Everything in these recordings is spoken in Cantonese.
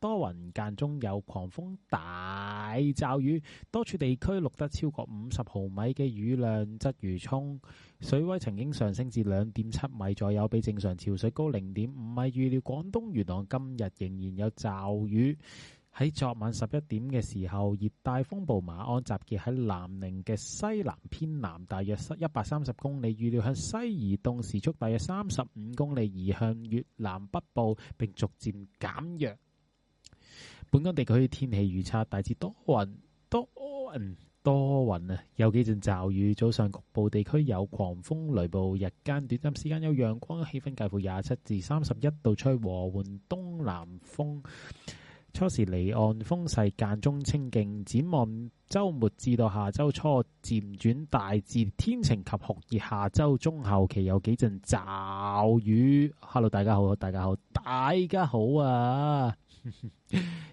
多雲間中有狂風大驟雨，多處地區錄得超過五十毫米嘅雨量，鰂魚涌水位曾經上升至兩點七米左右，比正常潮水高零點五米預。預料廣東元朗今日仍然有驟雨。喺昨晚十一點嘅時候，熱帶風暴馬鞍集結喺南寧嘅西南偏南，大約一百三十公里。預料向西移動，時速大約三十五公里，移向越南北部，並逐漸減弱。本港地區嘅天氣預測，大致多雲，多雲，多雲啊！有幾陣驟雨，早上局部地區有狂風雷暴，日間短暫時間有陽光，氣溫介乎廿七至三十一度吹，吹和緩東南風。初時離岸風勢間中清勁，展望周末至到下周初漸轉大致天晴及酷熱，下周中後期有幾陣驟雨。Hello，大家好，大家好，大家好啊！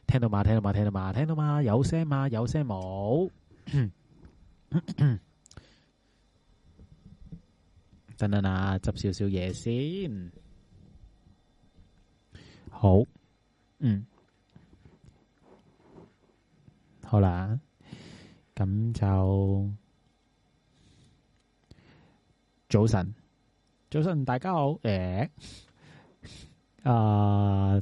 聽到嘛？聽到嘛？聽到嘛？聽到嘛？有聲嘛？有聲冇？等等啊，執少少嘢先。好，嗯，好啦，咁就早晨，早晨，大家好，誒，啊。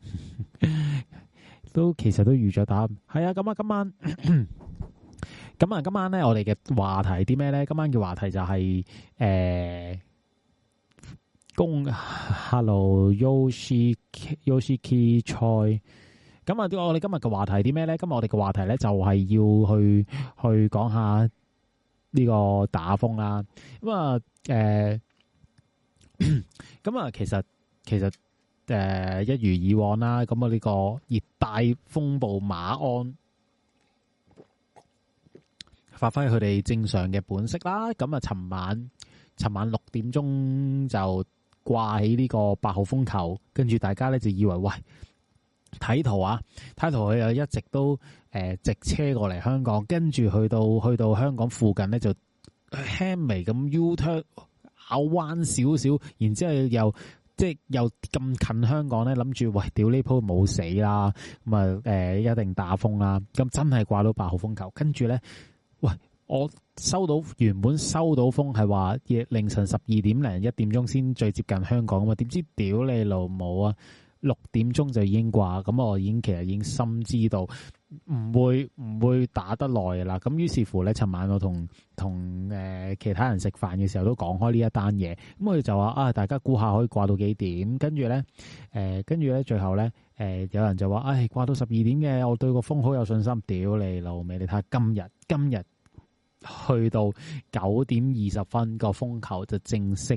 都其實都預咗答，係啊！咁啊，今晚咁啊，今晚咧，我哋嘅話題啲咩咧？今晚嘅話題就係、是、誒、呃，公 hello Yoshiki Yoshi, Choi 咁啊，我我哋今日嘅話題啲咩咧？今日我哋嘅話題咧就係要去去講下呢個打風啦。咁啊，誒，咁啊，其實其實。嗯、一如以往啦，咁啊呢個熱帶風暴馬鞍發揮佢哋正常嘅本色啦。咁啊，尋晚尋晚六點鐘就掛起呢個八號風球，跟住大家咧就以為，喂，睇圖啊，睇圖佢又一直都、呃、直車過嚟香港，跟住去到去到香港附近咧就輕微咁 U turn 拗彎少少，然之後又。即係又咁近香港呢，諗住喂，屌呢鋪冇死啦，咁啊、呃、一定打風啦，咁真係掛到八號風球。跟住呢，喂，我收到原本收到風係話凌晨十二點零一點鐘先最接近香港啊嘛，點知屌你老母啊，六點鐘就已經掛，咁我已經其實已經深知道。唔會唔會打得耐啦，咁於是乎咧，尋晚我同同誒其他人食飯嘅時候都講開呢一單嘢，咁我哋就話啊，大家估下可以掛到幾點？跟住咧，誒跟住咧，最後咧，誒、呃、有人就話，唉、哎，掛到十二點嘅，我對個風好有信心，屌你老味！你睇下今日今日去到九點二十分，個風球就正式，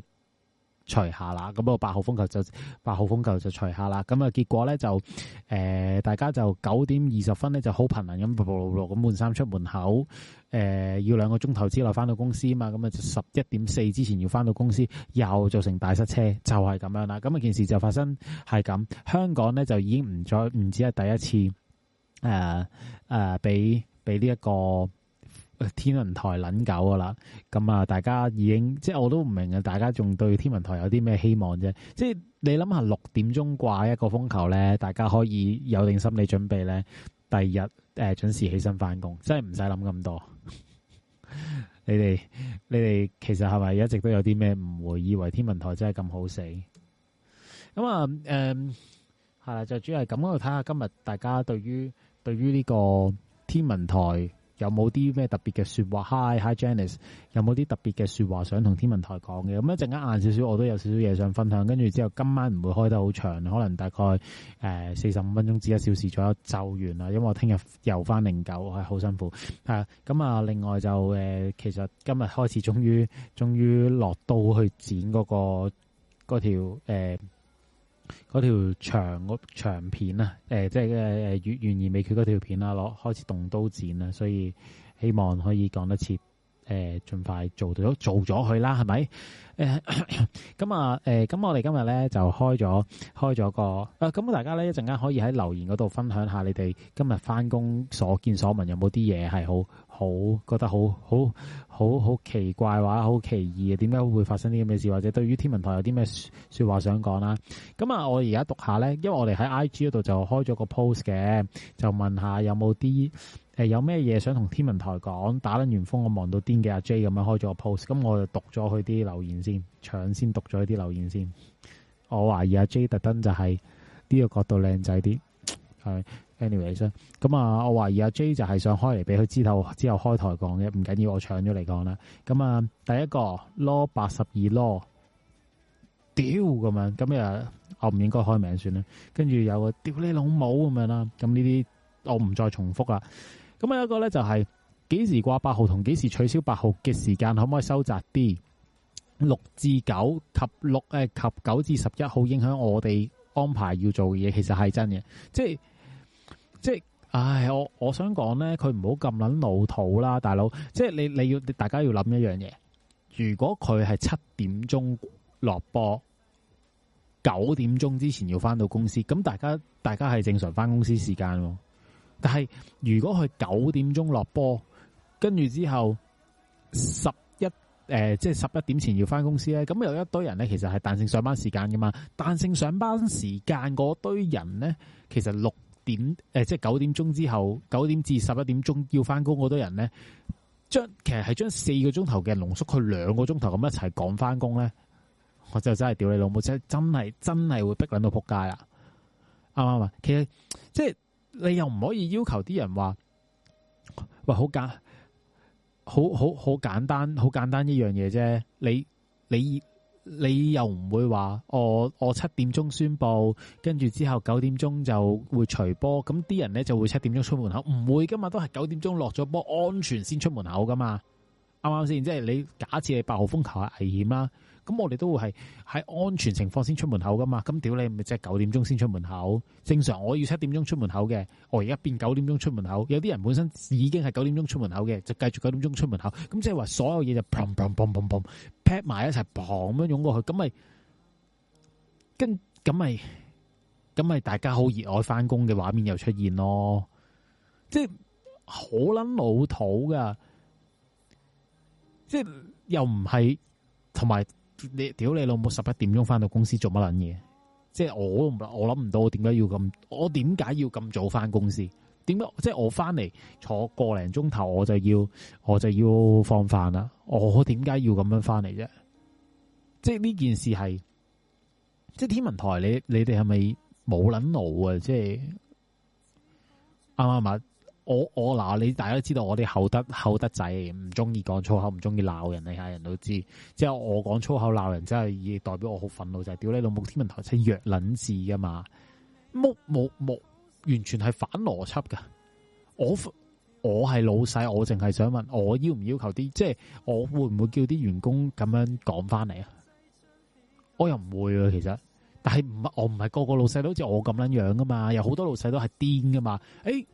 除下啦，咁啊，八號風球就，八號風球就除下啦，咁啊結果咧就誒、呃、大家就九點二十分咧就好頻能咁步路路咁換衫出門口，誒、呃、要兩個鐘頭之內返到公司嘛，咁啊就十一點四之前要返到公司，又造成大塞車，就係、是、咁樣啦。咁啊件事就發生係咁，香港咧就已經唔再唔止係第一次，誒誒俾俾呢一個。天文台捻狗㗎啦，咁啊，大家已經即係我都唔明啊，大家仲對天文台有啲咩希望啫？即係你諗下六點鐘掛一個風球咧，大家可以有定心理準備咧，第二日誒準時起身返工，真係唔使諗咁多。 你哋你哋其實係咪一直都有啲咩誤會？以為天文台真係咁好死？咁啊，誒、嗯，係啦，就主要係咁樣睇下今日大家對於對於呢個天文台，有冇啲咩特別嘅說話？Hi，Hi，Janice，有冇啲特別嘅說話想同天文台講嘅？咁一陣間晏少少，我都有少少嘢想分享。跟住之後，今晚唔會開得好長，可能大概誒四十五分鐘至一小時左右就完啦。因為我聽日游翻零九，我係好辛苦。咁啊！另外就、呃、其實今日開始終，終於終於落刀去剪嗰、嗰個嗰條、呃嗰條長長片啊，誒、呃，即係誒，越、呃、完而未決嗰條片啊，攞開始動刀剪啦，所以希望可以講得切。誒，盡快做到咗，做咗佢啦，係咪？誒，咁啊，誒，咁、呃、我哋今日咧就開咗開咗個，咁、呃、大家咧一陣間、欸 okay? well, anyway. 可以喺留言嗰度分享下你哋今日翻工所見所聞，有冇啲嘢係好好覺得好好好好奇怪話，好奇異嘅，點解會發生啲咁嘅事，Dang. 或者對於天文台有啲咩說話想講啦？咁啊，我而家讀下咧，因為我哋喺 IG 嗰度就開咗個 post 嘅，就問下有冇啲。誒、哎，有咩嘢想同天文台講？打撚完風，我望到癲嘅阿 J 咁樣開咗個 post，咁我就讀咗佢啲留言先，搶先讀咗佢啲留言先。我懷疑阿 J 特登就係呢個角度靚仔啲，係 anyway 咁啊，我懷疑阿 J 就係想開嚟俾佢之後之後開台講嘅，唔緊要，我搶咗嚟講啦。咁啊，第一個攞八十二攞，Law Law, 屌咁樣，咁啊，我唔應該開名算啦。跟住有個屌你老母咁樣啦，咁呢啲我唔再重複啦。咁啊，一個咧就係、是、幾時掛八號同幾時取消八號嘅時間，可唔可以收窄啲？六至九及六誒及九至十一號影響我哋安排要做嘅嘢，其實係真嘅，即係即係，唉，我我想講咧，佢唔好咁捻老土啦，大佬，即係你你要你大家要諗一樣嘢，如果佢係七點鐘落波，九點鐘之前要返到公司，咁大家大家係正常返公司時間。但係如果佢九點鐘落波，跟住之後十一誒，即係十一點前要翻公司咧，咁有一堆人咧，其實係彈性上班時間噶嘛。彈性上班時間嗰堆人咧，其實六點誒呃，即係九點鐘之後，九點至十一點鐘要翻工，嗰堆人咧，將其實係將四個鐘頭嘅濃縮去兩個鐘頭，咁一齊趕翻工咧，我就真係屌你老母，真係真係真係會逼撚到撲街啦，啱唔啱啊？其實即係。你又唔可以要求啲人話喂，好簡，好好好簡單，好簡單一樣嘢啫。你你你又唔會話我、哦、我七點鐘宣布，跟住之後九點鐘就會除波。咁啲人咧就會七點鐘出門口，唔會噶嘛，都係九點鐘落咗波，安全先出門口噶嘛。啱唔啱先？即係你假設係八號風球係危險啦。咁我哋都會係喺安全情況先出門口噶嘛，咁屌你咪即係九點鐘先出門口。正常我要七點鐘出門口嘅，我而家變九點鐘出門口。有啲人本身已經係九點鐘出門口嘅，就繼續九點鐘出門口。咁即係話所有嘢就 boom boom boom boom boom 劈埋一齊 boom 咁樣湧過去，咁咪跟咁咪咁咪大家好熱愛翻工嘅畫面又出現咯，即係好捻老土噶，即係又唔係同埋。你屌你老母十一點鐘翻到公司做乜撚嘢？即係我都唔我諗唔到，我點解要咁？我點解要咁早翻公司？點解即係我翻嚟坐個零鐘頭，我就要我就要放飯啦？我點解要咁樣翻嚟啫？即係呢件事係即係天文台，你你哋係咪冇撚腦啊？即係啱啱。我我嗱，你大家都知道我哋厚德厚得滯，唔中意講粗口，唔中意鬧人，你下人都知。即係我講粗口鬧人，即係代表我好憤怒，就係屌你老母！天文台真弱撚字噶嘛？冇冇冇，完全係反邏輯噶。我我係老細，我淨係想問，我要唔要求啲？即係我會唔會叫啲員工咁樣講翻嚟啊？我又唔會啊，其實。但係唔我唔係個個老細都好似我咁樣樣噶嘛？有好多老細都係癲噶嘛？誒、欸。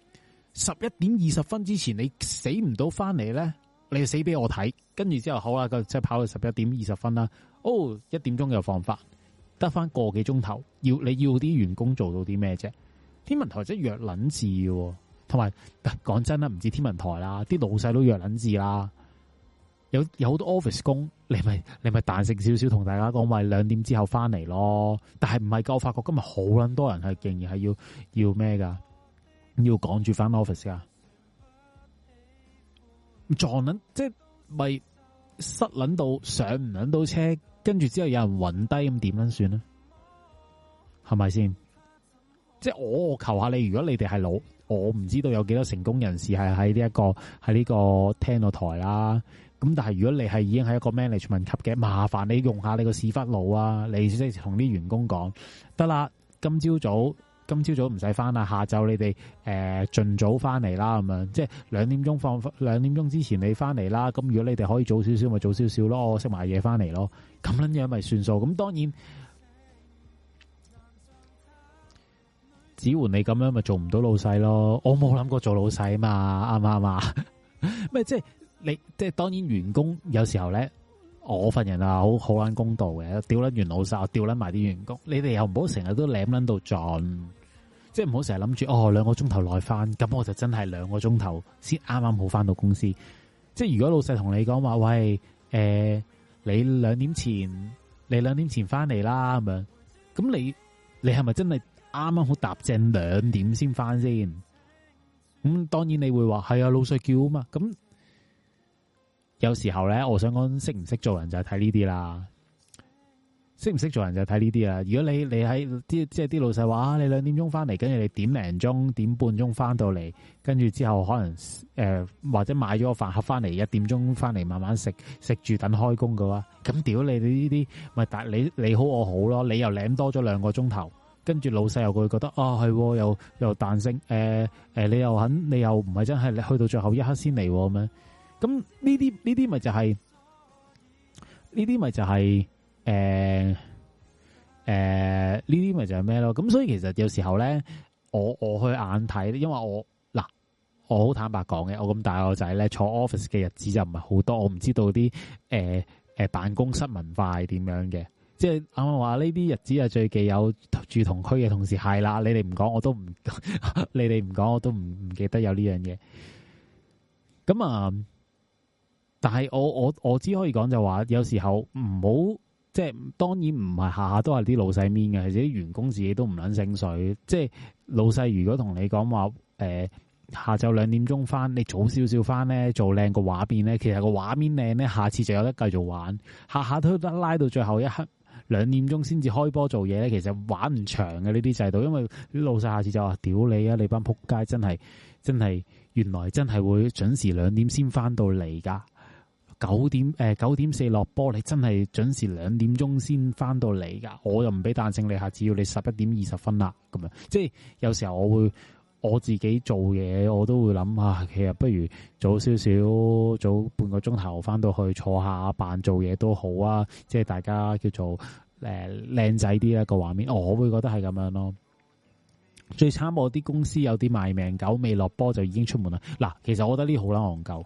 十一點二十分之前你死唔到翻嚟咧，你就死俾我睇。跟住之後好啦，佢即係跑到十一點二十分啦。哦，一點鐘又放法，得翻個幾鐘頭。要你要啲員工做到啲咩啫？天文台真係弱撚字，同埋講真啦，唔止天文台啦，啲老細都弱撚字啦。有有好多 office 工，你咪你咪彈性少少，同大家講咪兩點之後翻嚟咯。但係唔係夠，我發覺今日好撚多人係仍然係要要咩噶。要趕住翻 office 啊！撞捻，即係咪塞捻到上唔捻到車，跟住之後有人暈低咁點樣算呢？係咪先？即係我求下你，如果你哋係老，我唔知道有幾多成功人士係喺呢一個喺呢個聽度台啦。咁但係如果你係已經喺一個 management 級嘅，麻煩你用下你個屎忽佬啊！你即係同啲員工講得啦，今朝早。今朝早唔使翻啦，下晝你哋誒盡早翻嚟啦，咁樣即係兩點鐘放，兩點鐘之前你翻嚟啦。咁如果你哋可以早少少咪早少少咯，我食埋嘢翻嚟咯。咁樣樣咪算數。咁當然，只換你咁樣咪做唔到老細咯。我冇諗過做老細嘛，啱唔啱啊？咩 即係你即係當然員工有時候咧，我份人啊好好捻公道嘅，屌捻完老細，我屌捻埋啲員工。你哋又唔好成日都舐捻到盡。即係唔好成日諗住哦，兩個鐘頭內翻，咁我就真係兩個鐘頭先啱啱好翻到公司。即係如果老細同你講話，喂，誒、呃，你兩點前，你兩點前翻嚟啦，咁樣，咁你你係咪真係啱啱好搭正兩點先翻先？咁當然你會話係啊，老細叫啊嘛。咁有時候咧，我想講，識唔識做人就係睇呢啲啦。識唔識做人就睇呢啲啦。如果你你喺啲即係啲老細話啊，你兩點鐘翻嚟，跟住你點零鐘、點半鐘翻到嚟，跟住之後可能誒、呃、或者買咗個飯盒翻嚟，一點鐘翻嚟慢慢食食住等開工嘅話，咁屌你哋呢啲，咪但你你好我好咯，你又舐多咗兩個鐘頭，跟住老細又會覺得啊係又又彈性，誒、呃、誒、呃、你又肯你又唔係真係你去到最後一刻先嚟咁樣，咁呢啲呢啲咪就係呢啲咪就係、是。誒、呃、誒，呢啲咪就係咩咯？咁所以其實有時候咧，我我去眼睇，因為我嗱，我好坦白講嘅，我咁大個仔咧坐 office 嘅日子就唔係好多，我唔知道啲誒誒辦公室文化係點樣嘅。即係啱啱話呢啲日子係最忌有住同區嘅同事係啦，你哋唔講我都唔， 你哋唔講我都唔唔記得有呢樣嘢。咁啊，但係我我我只可以講就話，有時候唔好。即係當然唔係下下都係啲老細面嘅，其實啲員工自己都唔捻醒水。即係老細如果同你講話，誒、呃、下晝兩點鐘翻，你早少少翻咧，做靚個畫面咧，其實個畫面靚咧，下次就有得繼續玩。下下都得拉到最後一刻，兩點鐘先至開波做嘢咧，其實玩唔長嘅呢啲制度，因為啲老細下次就話屌你啊，你班扑街真係真係，原來真係會準時兩點先翻到嚟噶。九點誒、呃，九點四落波，你真係準時兩點鐘先翻到嚟噶，我又唔俾彈性你下，只要你十一點二十分啦，咁樣，即係有時候我會我自己做嘢，我都會諗下，其實不如早少少，早半個鐘頭翻到去坐下，扮做嘢都好啊，即係大家叫做誒靚、呃、仔啲啊、個畫面，我會覺得係咁樣咯。最慘我啲公司有啲賣命狗，未落波就已經出門啦。嗱，其實我覺得呢好撚，戇鳩。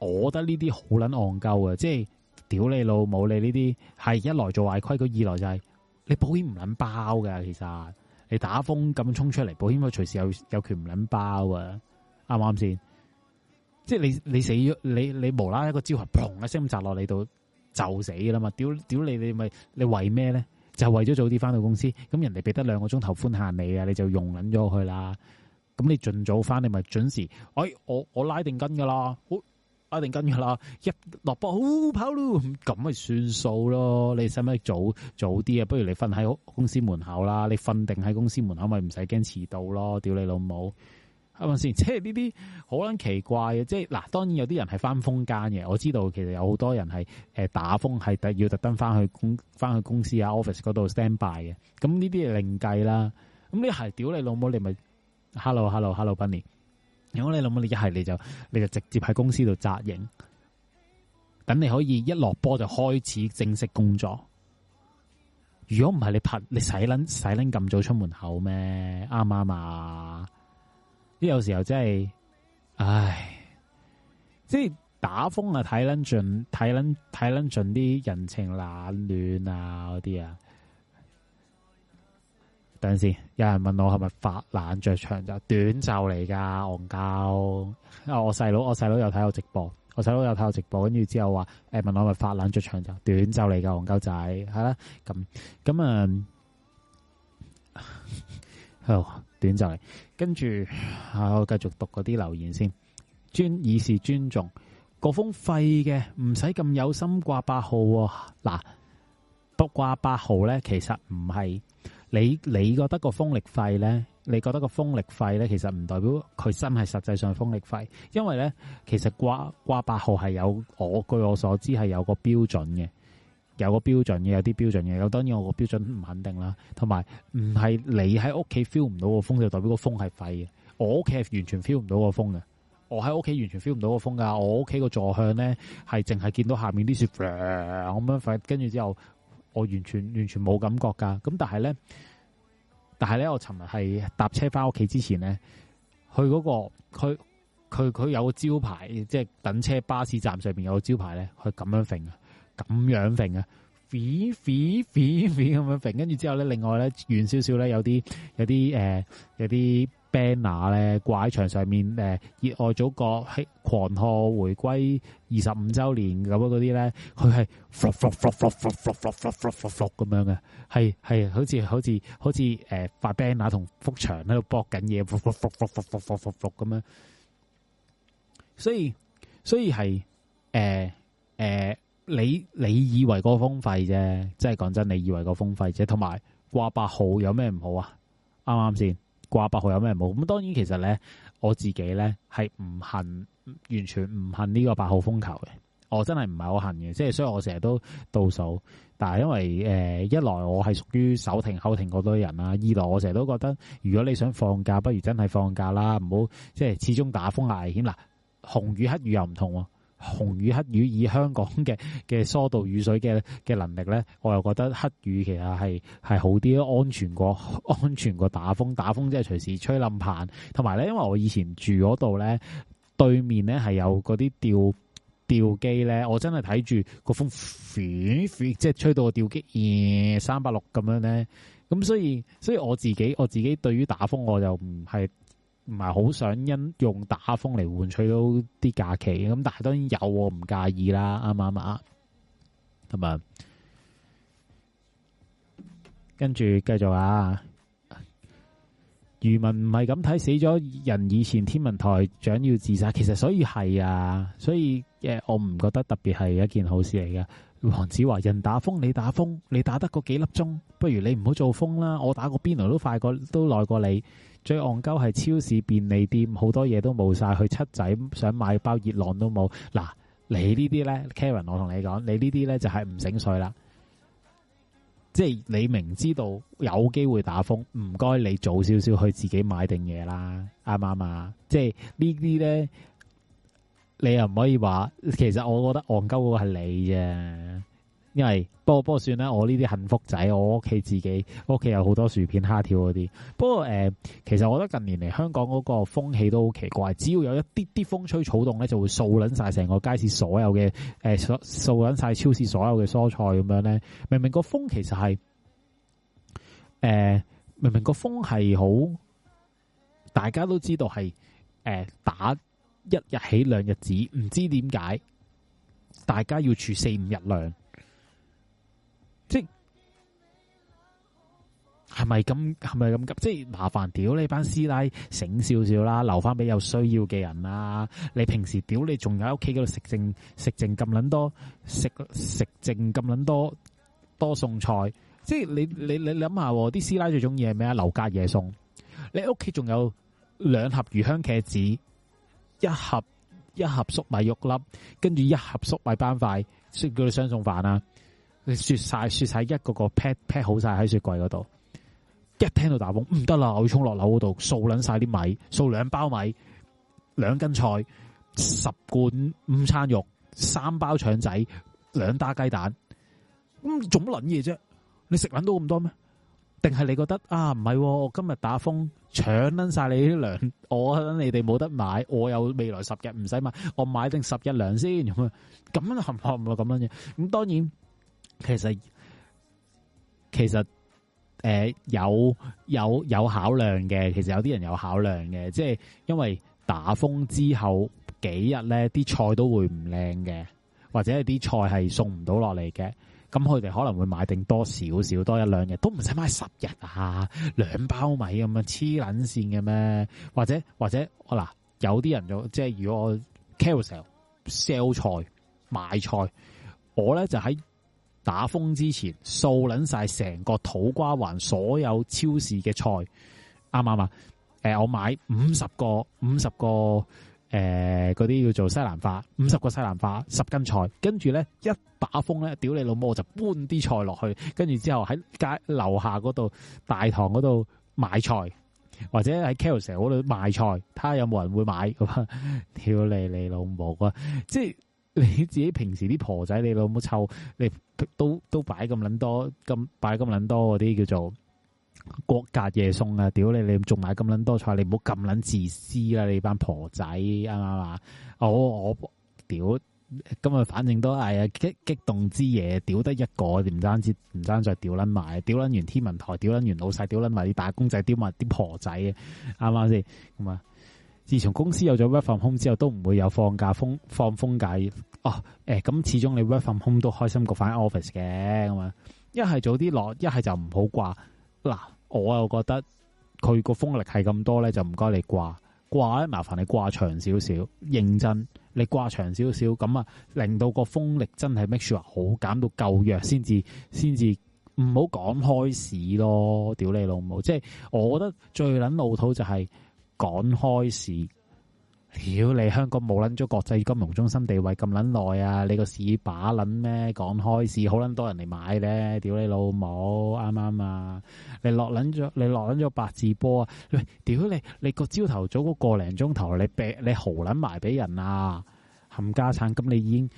我覺得呢啲好捻戇鳩啊，即係屌你老母。你呢啲係一來做壞規矩，二來就係你保險唔捻包嘅。其實你打風咁衝出嚟，保險佢隨時有有權唔捻包啊？啱唔啱先？即係你你死咗，你你無啦一個招牌砰一聲咁砸落你度就死啦嘛？屌屌你你咪你為咩咧？就為咗早啲翻到公司咁，人哋俾得兩個鐘頭寬限你啊？你就用捻咗佢啦。咁你盡早翻你咪準時，哎我我拉定跟噶啦好。哦一定跟噶啦，一落波好、哦、跑咯，咁咪算數咯。你使唔使早早啲啊？不如你瞓喺公司門口啦，你瞓定喺公司門口咪唔使驚遲到咯。屌你老母，係咪先？即係呢啲好卵奇怪嘅，即係嗱，當然有啲人係翻風間嘅。我知道其實有好多人係誒打風係特要特登翻去公翻去公司啊 office 嗰度 stand by 嘅。咁呢啲係另計啦。咁你係屌你老母，你咪 hello hello hello Bunny。如果你諗到你一係你就你就直接喺公司度紮營，等你可以一落波就開始正式工作。如果唔係你拍你使撚使撚咁早出門口咩？啱唔啱啊？啲有時候真係，唉，即係打風啊，睇捻盡睇捻睇捻盡啲人情冷暖啊嗰啲啊。等陣先，有人問我係咪發冷着長袖短袖嚟噶？戇鳩、啊，我細佬，我細佬又睇我直播，我細佬又睇我直播，跟住之後話誒，問我係咪發冷着長袖短袖嚟噶？戇鳩仔係啦，咁、啊、咁、嗯嗯、 啊，短袖嚟。跟住、啊、我繼續讀嗰啲留言先，尊以示尊重。嗰封廢嘅唔使咁有心掛八號嗱、哦，卜、啊、掛八號咧，其實唔係。你你覺得個風力廢咧？你覺得個風力廢咧？其實唔代表佢真係實際上風力廢，因為咧，其實掛掛八號係有我據我所知係有個標準嘅，有個標準嘅，有啲標準嘅。有當然我個標準唔肯定啦，同埋唔係你喺屋企 feel 唔到個風就代表個風係廢嘅。我屋企係完全 feel 唔到個風嘅，我喺屋企完全 feel 唔到個風㗎。我屋企個座向咧係淨係見到下面啲雪咁樣飛，跟住之後我完全完全冇感覺噶，咁但係咧，但係咧，我尋日係搭車翻屋企之前咧，去嗰個佢佢佢有個招牌，即係等車巴士站上邊有個招牌咧，佢咁樣揈啊，咁樣揈啊，揈揈揈揈咁樣揈，跟住之後咧，另外咧遠少少咧有啲有啲誒有啲。呃有 banner 咧，掛喺牆上面，誒，熱愛祖國，狂賀回歸二十五周年咁樣嗰啲咧，佢係咁樣嘅，係係好似好似好似誒，發 banner 同幅牆喺度搏緊嘢咁樣，所以所以係誒誒，你你以為個風費啫，即係講真，你以為個風費啫，同埋掛八號有咩唔好啊？啱啱先？掛八號有咩冇？咁當然其實咧，我自己咧係唔恨，完全唔恨呢個八號風球嘅。我真係唔係好恨嘅，即係所以我成日都倒數。但係因為誒、呃，一來我係屬於手停口停嗰類人啦，二來我成日都覺得，如果你想放假，不如真係放假啦，唔好即係始終打風危險嗱，紅雨黑雨又唔同喎、啊。紅雨黑雨，以香港嘅嘅疏導雨水嘅嘅能力咧，我又覺得黑雨其實係係好啲安全過安全過打風，打風即係隨時吹冧棚。同埋咧，因為我以前住嗰度咧，對面咧係有嗰啲吊吊機咧，我真係睇住個風，即係吹到個吊機咦，三百六咁樣咧。咁所以所以我自己我自己對於打風我又唔係。唔係好想因用打風嚟換取到啲假期，咁但係當然有，我唔介意啦，啱唔啱？跟住繼續啊！漁民唔係咁睇死咗人，以前天文台長要自殺，其實所以係啊，所以誒，我唔覺得特別係一件好事嚟㗎。黃子華，人打風，你打風，你打，你打得嗰幾粒鐘，不如你唔好做風啦，我打個邊爐都快過，都耐過你。最戇鳩係超市、便利店，好多嘢都冇晒，去七仔想買包熱浪都冇嗱。你這些呢啲咧，Karen，我同你講，你這些呢啲咧就係唔醒水啦。即係你明知道有機會打風，唔該你早少少去自己買定嘢啦，啱唔啱啊？即係呢啲咧，你又唔可以話。其實我覺得戇鳩嗰個係你啫。因為不過不過算啦，我呢啲幸福仔，我屋企自己，屋企有好多薯片蝦條嗰啲。不過誒、呃，其實我覺得近年嚟香港嗰個風氣都好奇怪，只要有一啲啲風吹草動咧，就會掃捻晒成個街市所有嘅誒，撚掃捻晒超市所有嘅蔬菜咁樣咧。明明個風其實係誒、呃，明明個風係好，大家都知道係誒打一日起兩日止，唔知點解大家要儲四五日糧。係咪咁？係咪咁急？即係麻煩屌你班師奶醒少少啦，留翻俾有需要嘅人啦。你平時屌你仲喺屋企嗰度食剩食剩咁捻多食食剩咁捻多多餸菜，即係你你你諗下啲師奶最中意係咩啊？留家嘢餸，你屋企仲有兩盒魚香茄子，一盒一盒粟米肉粒，跟住一盒粟米班塊，叫你雙餸飯啦。你雪晒雪晒，一個個 pack pack 好晒喺雪櫃嗰度。一聽到打風，唔得啦！我要衝落樓嗰度，掃捻晒啲米，掃兩包米，兩斤菜，十罐午餐肉，三包腸仔，兩打雞蛋。咁做乜捻嘢啫？你食捻到咁多咩？定係你覺得啊？唔係、啊，今日打風，搶捻晒你啲糧，我捻你哋冇得買，我有未來十日唔使買，我買定十日糧先咁樣，咁樣唔係咁樣嘅？咁、嗯、當然，其實其實。誒、呃、有有有考量嘅，其實有啲人有考量嘅，即係因為打風之後幾日咧，啲菜都會唔靚嘅，或者係啲菜係送唔到落嚟嘅，咁佢哋可能會買定多少少多一兩日，都唔使買十日啊，兩包米咁啊黐捻線嘅咩？或者或者嗱，有啲人就即係如果我 carousel sell 菜買菜，我咧就喺。打風之前掃撚曬成個土瓜灣所有超市嘅菜，啱唔啱啊？我買五十個，五十個誒嗰啲叫做西蘭花，五十個西蘭花，十斤菜，跟住咧一打風咧，屌你老母就搬啲菜落去，跟住之後喺街樓下嗰度大堂嗰度賣菜，或者喺 Carousell 嗰度賣菜，睇下有冇人會買。屌你你老母啊！即 你自己平時啲婆仔，你老母湊你都都擺咁捻多，咁擺咁捻多嗰啲叫做國格夜餸啊！屌你，你仲買咁捻多菜，你唔好咁捻自私啦，啊！你班婆仔啱唔啱啊？我我屌，今日反正都係啊激激動之夜，屌得一個，唔爭之唔爭再屌捻埋，屌捻完天文台，屌捻完老細，屌捻埋啲打工仔，屌埋啲婆仔啊啱先。咁啊！自從公司有咗 work from home 之後，都唔會有放假風放風假哦。咁、誒、始終你 work from home 都開心過返 office 嘅咁樣，一係早啲落，一係就唔好掛。嗱，我又覺得佢個風力係咁多咧，就唔該你掛掛咧，麻煩你掛長少少。認真，你掛長少少咁啊，令到個風力真係 make sure 好減到夠弱先至，先至唔好講開市咯。屌你老母！即係我覺得最撚老土就係、是。趕開市，屌你！香港冇捻咗國際金融中心地位咁捻耐啊！你個市把捻咩？趕開市好捻多人嚟買咧，屌你老母！啱唔啱啊？你落捻咗你落捻咗八字波啊！屌你！你，你，你個朝頭早個零鐘頭你你豪捻埋俾人啊！冚家產咁你已經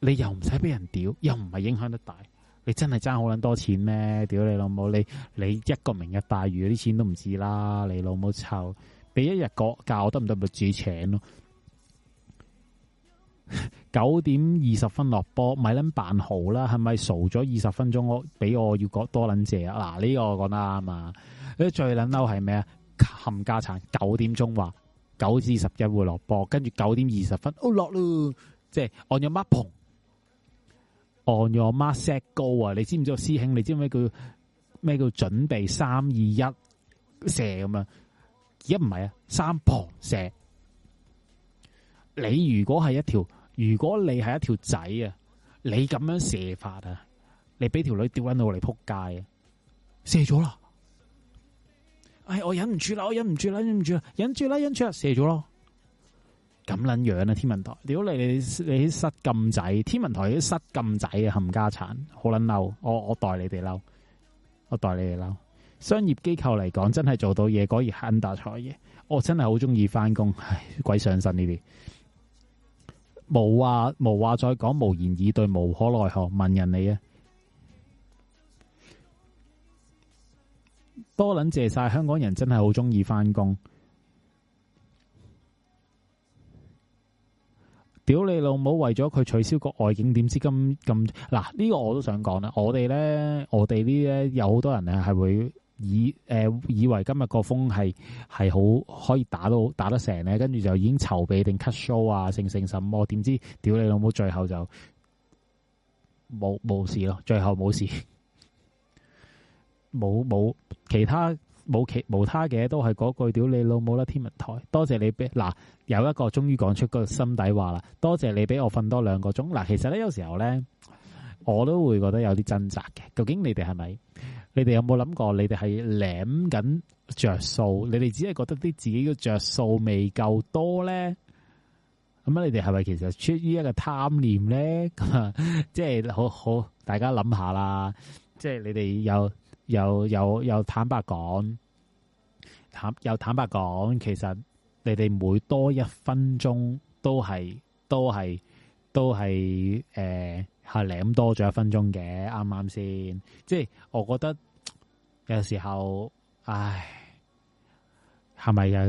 你又唔使俾人屌，又唔係影響得大，你真係爭好捻多錢咩？屌你老母！你你一個明日大嶼啲錢都唔知啦，你老母臭！俾一日個教得唔得咪自己請咯？九點二十分落波，咪捻辦好啦？係咪傻咗二十分鐘？我俾我要個多捻謝啊！嗱、這個，呢個我講得啱啊。啲最捻嬲係咩啊？冚家鏟九點鐘話九至十一會落波，跟住九點二十分哦落咯，即係按咗 mark on，按咗 mark set 高啊！你知唔知個師兄，你知唔知叫咩叫準備三二一射咁樣啊？而家唔係啊，三磅射。你如果係一條，如果你係一條仔啊，你咁樣射法啊，你俾條女吊喺度嚟撲街啊！射咗啦！唉、哎，我忍唔住啦，我忍唔住，忍住，忍住，忍住，忍住啦，忍唔住，忍住啦，忍住啊！射咗咯。咁捻樣啊？天文台，屌你哋你，你失禁仔，天文台啲失禁仔啊，冚家鏟，好捻嬲！我我代你哋嬲，我代你哋嬲。商業機構嚟講，真係做到嘢，果然 u 大 d 彩嘢。我真係好中意翻工，唉，鬼上身呢啲。無話無話再，再講無言以對，無可奈何。問人嚟啊，多捻謝晒香港人真，真係好中意翻工。屌你老母！為咗佢取消個外景，點知咁咁嗱？呢、啊這個我都想講啦。我哋呢，我哋呢有好多人係係會。以誒、呃、以為今日個風係係好可以打到打得成咧，跟住就已經籌備定 cut show 啊，剩剩什麼？我點知屌你老母，最後就冇冇事咯，最後冇事，冇 冇其他冇其無他嘅，都係嗰句屌你老母啦！天文台，多謝你俾嗱、啊、有一個終於講出個心底話啦，多謝你俾我瞓多兩個鐘嗱、啊，其實咧有時候咧。我都會覺得有啲掙扎嘅，究竟你哋係咪？你哋有冇諗過你哋？你哋係舐緊着數？你哋只係覺得啲自己嘅着數未夠多咧？咁啊？你哋係咪其實出於一個貪念咧？即 係、就是、好好，大家諗下啦。即、就、係、是、你哋又又又又坦白講，坦又坦白講，其實你哋每多一分鐘都係都係都係誒。呃係、啊、咁多咗一分鐘嘅，啱啱先？即係我覺得有時候，唉，係咪又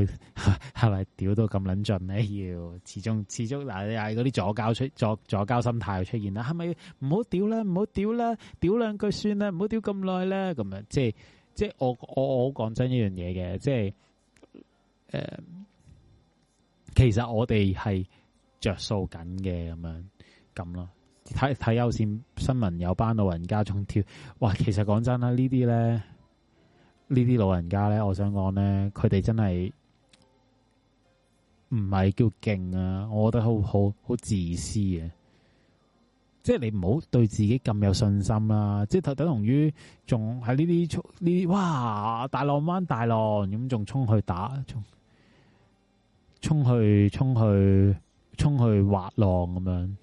係咪屌到咁撚盡咧？要始終始終嗱，你係嗰啲左膠出左左膠心態出現啦。係咪唔好屌啦？唔好屌啦！屌兩句算啦，唔好屌咁耐啦。咁樣即係即係我我我講真的一樣嘢嘅，即係誒，其實我哋係着數緊嘅，咁樣咁咯。這樣睇睇有線新聞，有班老人家仲跳，哇！其實講真啦，呢啲咧，呢啲老人家咧，我想講咧，佢哋真係唔係叫勁啊！我覺得好好好自私嘅，即係你唔好對自己咁有信心啦、啊。即係等同於仲喺呢啲衝呢啲，哇！大浪灣大浪咁，仲衝去打，衝衝去衝去衝去，去滑浪咁樣。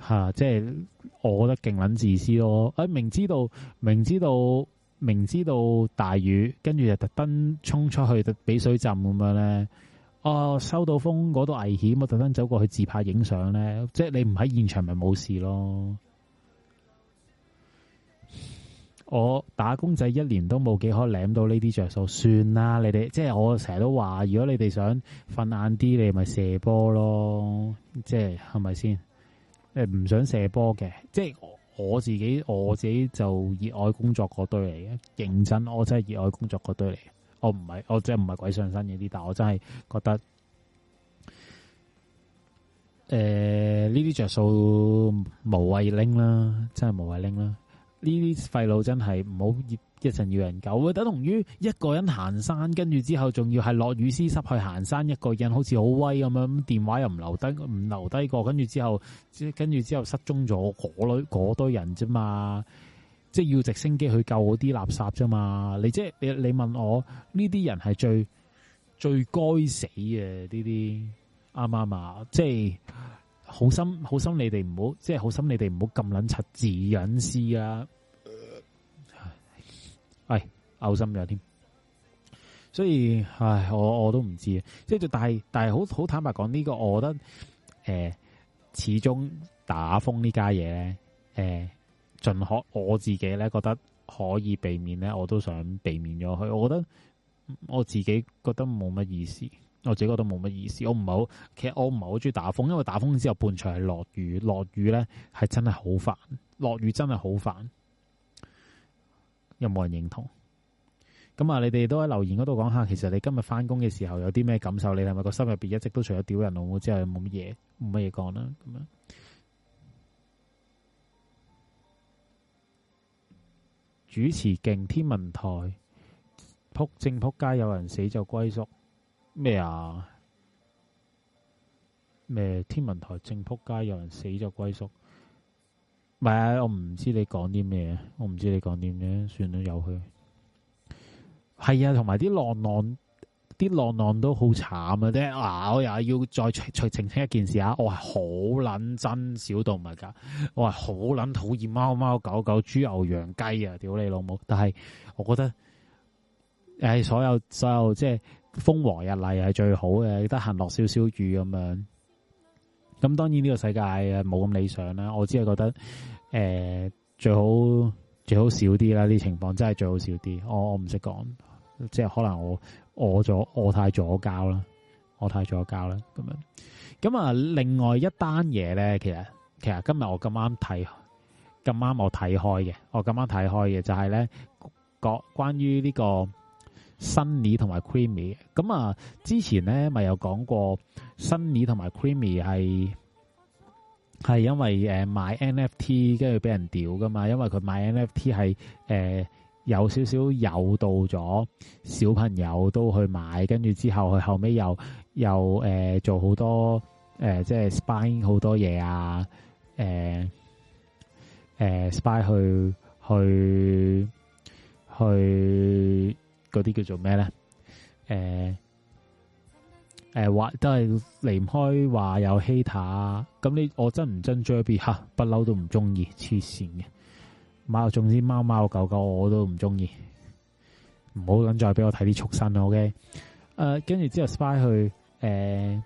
吓、啊，即係我覺得勁捻自私咯。誒、哎，明知道明知道明知道大雨，跟住就特登衝出去俾水浸咁樣咧。哦、啊，收到風嗰度危險，我特登走過去自拍影相咧。即係你唔喺現場，咪冇事咯。我打工仔一年都冇幾可舐到呢啲着數，算啦。你哋即係我成日都話，如果你哋想瞓晏啲，你咪射波咯。即係係咪先？誒、呃，唔想射波嘅，即係我自己我自己就熱愛工作嗰堆嚟嘅，認真我真係熱愛工作嗰堆嚟嘅，我唔係我真係唔係鬼上身嘅啲，但我真係覺得，誒呢啲着數無謂拎啦，真係無謂拎啦，呢啲廢路真係唔好熱。一陣要人救，等同於一個人行山，跟住之後仲要係落雨濕濕去行山，一個人好似好威咁樣，電話又唔留，留低，唔留低個，跟住之後，即跟住之後失蹤咗，嗰嗰多人啫嘛，即係要直升機去救嗰啲垃圾啫嘛，你即係你你問我呢啲人係最最該死嘅呢啲，啱唔啱啊？即係好心好心，你哋唔好，即係好心你哋唔好咁捻柒自隱私啊！唉、哎，嘔心咗添，所以唉，我我都唔知，即係但係但係好好坦白講呢個，我覺得誒、呃，始終打風呢家嘢咧，誒、呃，盡可我自己咧覺得可以避免咧，我都想避免咗佢。我覺得我自己覺得冇乜意思，我自己覺得冇乜意思。我唔係好，其實我唔係好中意打風，因為打風之後伴隨係落雨，落雨咧係真係好煩，落雨真係好煩。有冇人認同？咁啊，你哋都喺留言嗰度講下，其實你今日返工嘅時候有啲咩感受？你係咪個心入邊一直都除咗屌人老母之外，冇乜嘢，冇乜嘢講啦？咁樣主持勁天文台扑正扑街，有人死就歸宿咩啊？咩天文台正扑街，有人死就歸宿。唔係啊，我唔知你講啲咩嘢，我唔知你講啲咩，算啦，由佢。係啊，同埋啲浪浪，啲浪浪都好慘嘅啫。啊，我又要再澄清,清,清一件事啊，我係好捻憎小動物噶，我係好捻討厭貓貓狗狗豬牛羊雞啊，屌你老母！但係我覺得，誒、哎，所有所有即係風和日麗係最好嘅，得閒落少少雨咁樣。咁當然呢個世界冇、啊、咁理想啦，啊。我只係覺得誒，呃、最好最好少啲啦。呢情況真係最好少啲。我我唔識講，即係可能我我咗我太左膠啦，我太左膠啦咁樣。咁啊，另外一單嘢咧，其實其實今日我咁啱睇，咁啱我睇開嘅，我咁啱睇開嘅就係咧講關於呢、這個。Sunny 同埋 Creamy 咁啊，之前咧咪有講過 Sunny 同埋 Creamy 係係因為誒、呃、買 NFT 跟住俾人屌噶嘛，因為佢買 NFT 係誒、呃、有少少誘導咗小朋友都去買，跟住之後佢後尾又又誒、呃、做好多誒、呃、即係 spying 好多嘢啊，誒、呃、誒、呃、spy 去去去。去嗰啲叫做咩咧？誒、呃、誒，話、呃、都係離唔開話有希塔、啊。咁你我真唔真 j e b 吓，不嬲都唔中意，黐線嘅貓。總之貓貓狗狗我都唔中意，唔好咁再俾我睇啲畜生。OK，誒，跟住之後 Spy 去，誒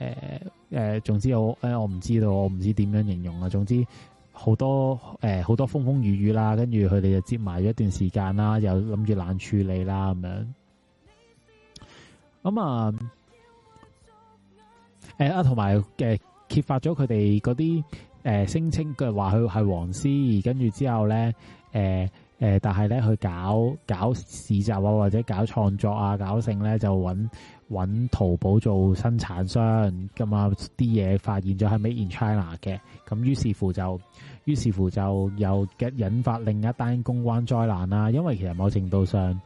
誒誒，總之我誒、呃、我唔知道，我唔知點樣形容啊。總之。好多誒，好、呃、多風風雨雨啦，跟住佢哋就接埋咗一段時間啦，又諗住冷處理啦，咁樣咁啊誒啊，同埋嘅揭發咗佢哋嗰啲誒聲稱，佢話佢係黃師，跟住之後咧，誒、呃、誒、呃，但係咧佢搞搞市集啊，或者搞創作啊，搞成咧就搵。揾淘寶做生產商，咁啊啲嘢發現咗係 made in China 嘅，咁於是乎就，於是乎就又引發另一單公關災難啦。因為其實某程度上，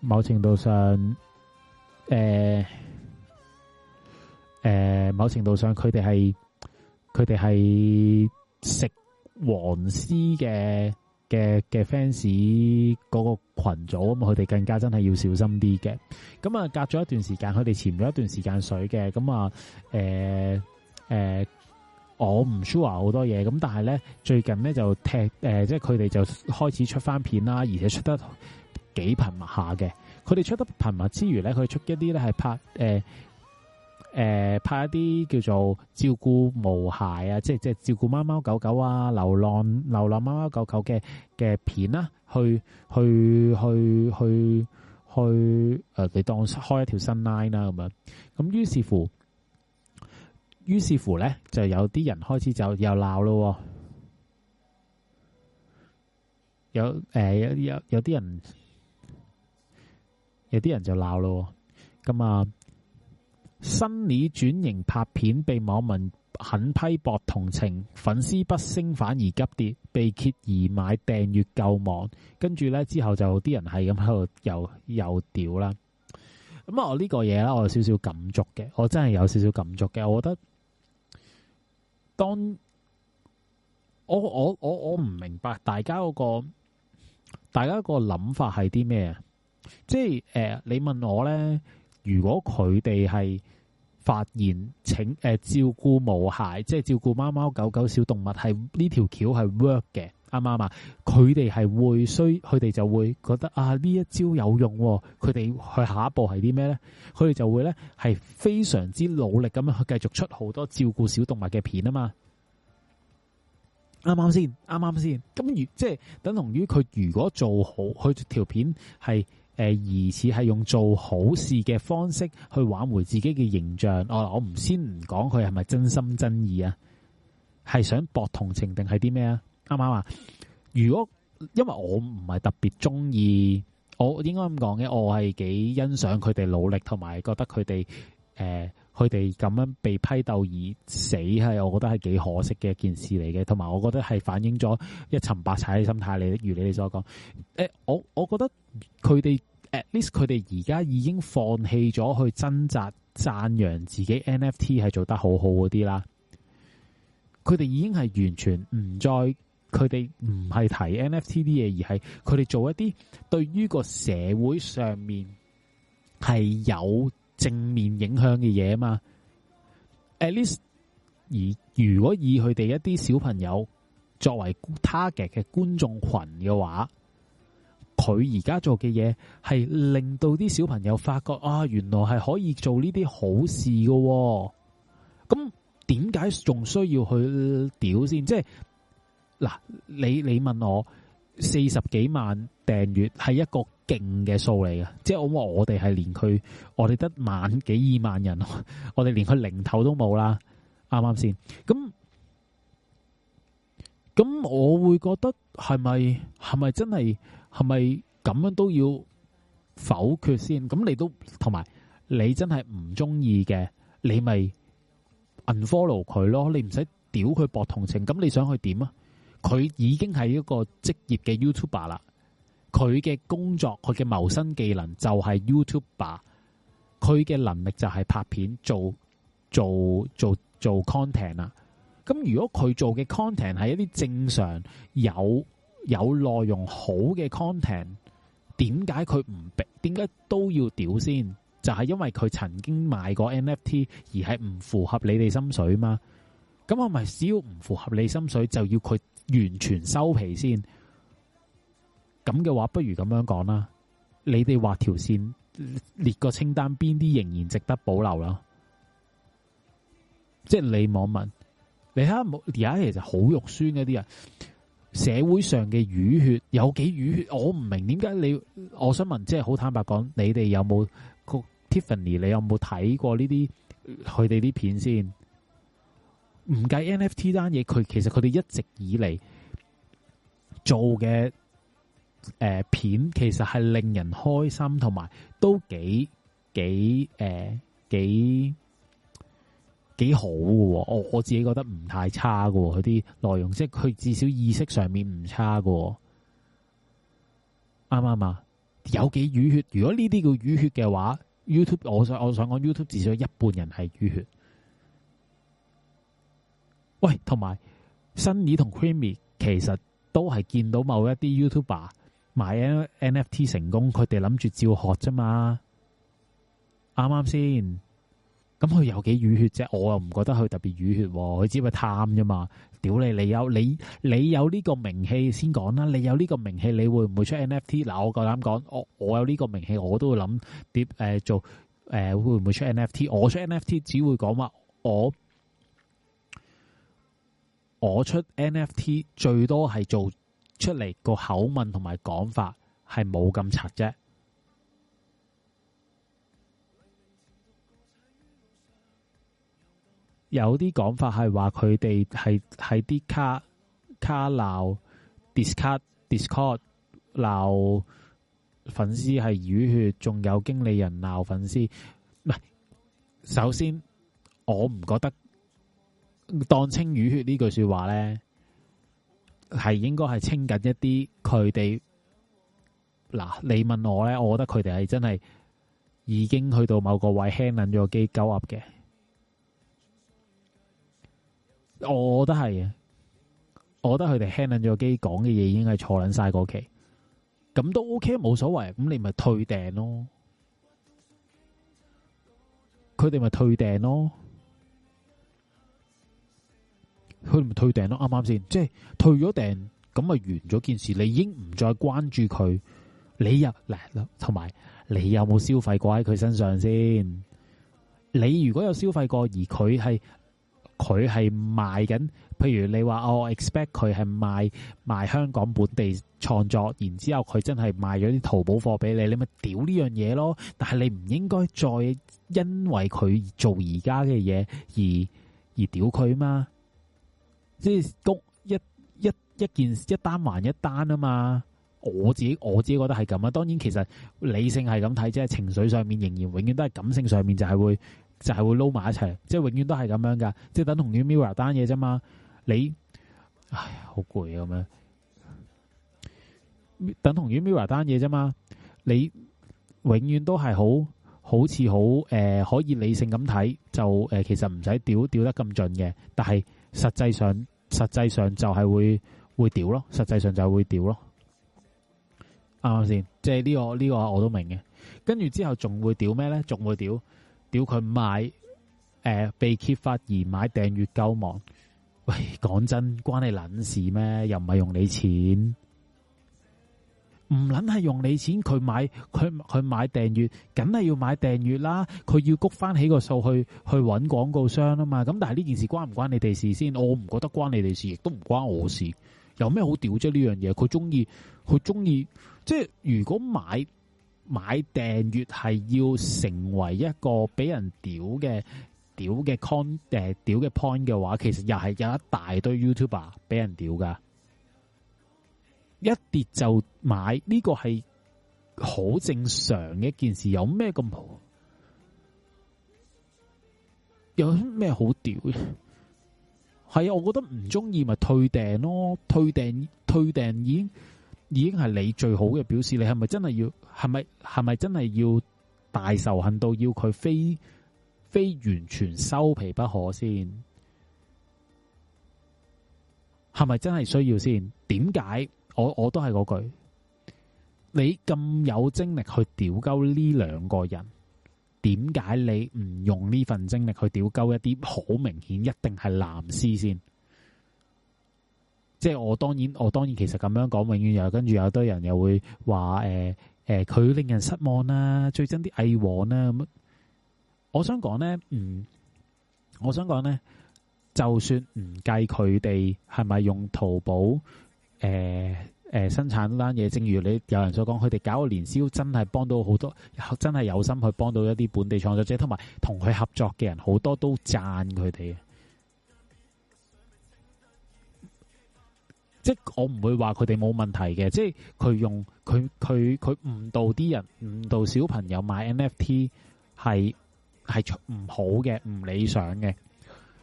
某程度上，誒、呃、誒、呃，某程度上佢哋係佢哋係食黃絲嘅。嘅嘅 fans，嗰個群組，咁佢哋更加真係要小心啲嘅。咁啊，隔咗一段時間，佢哋潛咗一段時間水嘅，咁啊，誒、呃呃、我唔 sure 好多嘢。咁但係咧，最近咧就踢、呃、即係佢哋就開始出翻片啦，而且出得幾頻密下嘅。佢哋出得頻密之餘咧，佢出一啲咧係拍誒。呃誒、呃，拍一啲叫做照顧毛孩啊，即係即係照顧貓貓狗狗啊，流浪流浪貓貓狗狗嘅嘅片啦、啊，去去去去去，誒，你、呃、當開一條新 line 啦、啊、咁樣，咁、嗯、於是乎，於是乎咧，就有啲人開始就又鬧咯、哦，有誒、呃、有有有啲人，有啲人就鬧咯、哦，咁啊。新李轉型拍片被網民狠批博同情，粉絲不升反而急跌，被揭而買訂閱救網，跟住呢之後就啲人係咁喺度又又屌啦。咁、嗯、啊，我呢個嘢呢，我有少少感觸嘅，我真係有少少感觸嘅。我覺得，當我我我我唔明白大家嗰、嗰個，大家個諗法係啲咩？即係誒、呃，你問我呢，如果佢哋係發現請誒、呃、照顧毛孩，即係照顧貓貓狗狗小動物係呢條橋係 work 嘅，啱唔啱啊？佢哋係會需，佢哋就會覺得啊呢一招有用、哦，佢哋去下一步係啲咩咧？佢哋就會咧係非常之努力咁樣去繼續出好多照顧小動物嘅片啊嘛！啱唔啱先？啱唔啱先？咁如即係等同於佢如果做好，佢條片係。誒，疑似係用做好事嘅方式去挽回自己嘅形象。哦，我我唔先唔講佢係咪真心真意啊，係想博同情定係啲咩啊？啱唔啱啊？如果因為我唔係特別中意，我應該咁講嘅，我係幾欣賞佢哋努力，同埋覺得佢哋誒。呃佢哋咁樣被批鬥而死，係我覺得係幾可惜嘅一件事嚟嘅。同埋，我覺得係反映咗一沉百踩嘅心態嚟。如你哋所講，誒，我我覺得佢哋 at least 佢哋而家已經放棄咗去掙扎讚揚自己 NFT 係做得好好嗰啲啦。佢哋已經係完全唔再，佢哋唔係提 NFT 啲嘢，而係佢哋做一啲對於個社會上面係有。正面影響嘅嘢啊嘛？at least 以如果以佢哋一啲小朋友作為 target 嘅觀眾群嘅話，佢而家做嘅嘢係令到啲小朋友發覺啊，原來係可以做呢啲好事嘅，啊。咁點解仲需要去屌先？即係嗱、啊，你你問我四十幾萬訂閱係一個。勁嘅數嚟嘅，即係我話我哋係連佢，我哋得萬幾二萬人，我哋連佢零頭都冇啦。啱唔啱先？咁咁我會覺得係咪係咪真係係咪咁樣都要否決先？咁你都同埋你真係唔中意嘅，你咪 unfollow 佢咯。你唔使屌佢博同情。咁你想佢點啊？佢已經係一個職業嘅 YouTuber 啦。佢嘅工作，佢嘅謀生技能就係 YouTuber，佢嘅能力就係拍片做做做做 content 啦。咁如果佢做嘅 content 係一啲正常有有內容好嘅 content，點解佢唔俾？點解都要屌先？就係因為佢曾經買過 NFT，而係唔符合你哋心水嘛？咁係咪只要唔符合你心水，就要佢完全收皮先？咁嘅話，不如咁樣講啦。你哋畫條線，列個清單，邊啲仍然值得保留啦。即係你網民，你睇下，而家其實好肉酸嗰啲人，社會上嘅淤血有幾淤血，我唔明點解你。我想問，即係好坦白講，你哋有冇 Tiffany？你有冇睇過呢啲佢哋啲片先？唔計 NFT 單嘢，佢其實佢哋一直以嚟做嘅。誒、呃，片其實係令人開心，同埋都幾幾誒幾幾好喎。我我自己覺得唔太差喎，佢啲內容即係佢至少意識上面唔差喎。啱唔啱啊？有幾淤血？如果呢啲叫淤血嘅話，YouTube 我想我想講 YouTube 至少一半人係淤血。喂，同埋 Sunny 同 Creamy 其實都係見到某一啲 YouTuber。買 NFT 成功，佢哋諗住照學啫嘛，啱啱先？咁佢有幾雨血啫，我又唔覺得佢特別雨血，佢只係貪啫嘛。屌你，你，你有你你有呢個名氣先講啦，你有呢個名氣，你會唔會出 NFT？嗱，我夠膽講，我我有呢個名氣，我都會諗點誒做誒、呃、會唔會出 NFT？我出 NFT 只會講話我我出 NFT 最多係做。出嚟個口吻同埋講法係冇咁賊啫，有啲講法係話佢哋係係啲卡卡鬧，discard，discord 鬧粉絲係雨血，仲有經理人鬧粉絲，首先我唔覺得當清雨血呢句說話咧。係應該係清緊一啲佢哋嗱。你問我咧，我覺得佢哋係真係已經去到某個位 handle 咗機鳩鴨嘅，我覺得係啊。我覺得佢哋 handle 咗機講嘅嘢，已經係坐撚晒嗰期，咁都 OK 冇所謂，咁你咪退訂咯，佢哋咪退訂咯。佢咪退訂咯，啱啱先？即係退咗訂咁咪完咗件事。你已經唔再關注佢，你入嚟咯，同埋你有冇消費過喺佢身上先？你如果有消費過，而佢係佢係賣緊，譬如，你話我 expect 佢係賣賣香港本地創作，然之後佢真係賣咗啲淘寶貨俾你，你咪屌呢樣嘢咯。但係你唔應該再因為佢做而家嘅嘢而而屌佢嘛？即係谷一一一件事一單還一單啊嘛！我自己我自己覺得係咁啊。當然，其實理性係咁睇，即係情緒上面仍然永遠都係感性上面就係會就係、是、會撈埋一齊，即係永遠都係咁樣噶。即係等同於 Mirror 單嘢啫嘛。你唉，好攰啊咁樣。等同於 Mirror 單嘢啫嘛。你永遠都係好好似好誒、呃，可以理性咁睇，就誒、呃，其實唔使吊吊得咁盡嘅。但係。實際上，實際上就係會,會屌咯，實際上就會屌咯，啱唔啱先？即係呢個呢、這個、我都明嘅。跟住之後仲會屌咩咧？仲會屌屌佢買、呃、被揭發而買訂閱鳩忙。喂、呃，講、呃、真，關你撚事咩？又唔係用你錢。唔撚係用你錢，佢買佢佢買訂閱，梗係要買訂閱啦。佢要谷翻起個數去去揾廣告商啊嘛。咁但係呢件事關唔關你哋事先？我唔覺得關你哋事，亦都唔關我事。有咩好屌啫？呢樣嘢佢中意，佢中意。即係如果買買訂閱係要成為一個俾人屌嘅屌嘅 con，呃、屌嘅 point 嘅話，其實又係有一大堆 YouTuber 俾人屌噶。一跌就買呢個係好正常嘅一件事，有咩咁好？有咩好屌嘅？係啊，我覺得唔中意咪退訂咯，退訂退訂已經已經係你最好嘅表示。你係咪真係要？係咪係咪真係要大仇恨到要佢非非完全收皮不可先？係咪真係需要先？點解？我我都係嗰句，你咁有精力去屌鳩呢兩個人，點解你唔用呢份精力去屌鳩一啲好明顯一定係藍絲先？即係我當然，我當然其實咁樣講，永遠又跟住有啲人又會話誒誒，佢、呃呃、令人失望啦、啊，最憎啲偽黃啦，我想講呢，唔、嗯，我想講呢、嗯、呢，就算唔計佢哋係咪用淘寶。誒、呃、誒、呃，生產單嘢，正如你有人所講，佢哋搞個年宵，真係幫到好多，真係有心去幫到一啲本地創作者，同埋同佢合作嘅人，好多都讚佢哋。即我唔會話佢哋冇問題嘅，即係佢用佢佢佢誤導啲人，誤導小朋友買 NFT 係係唔好嘅，唔理想嘅，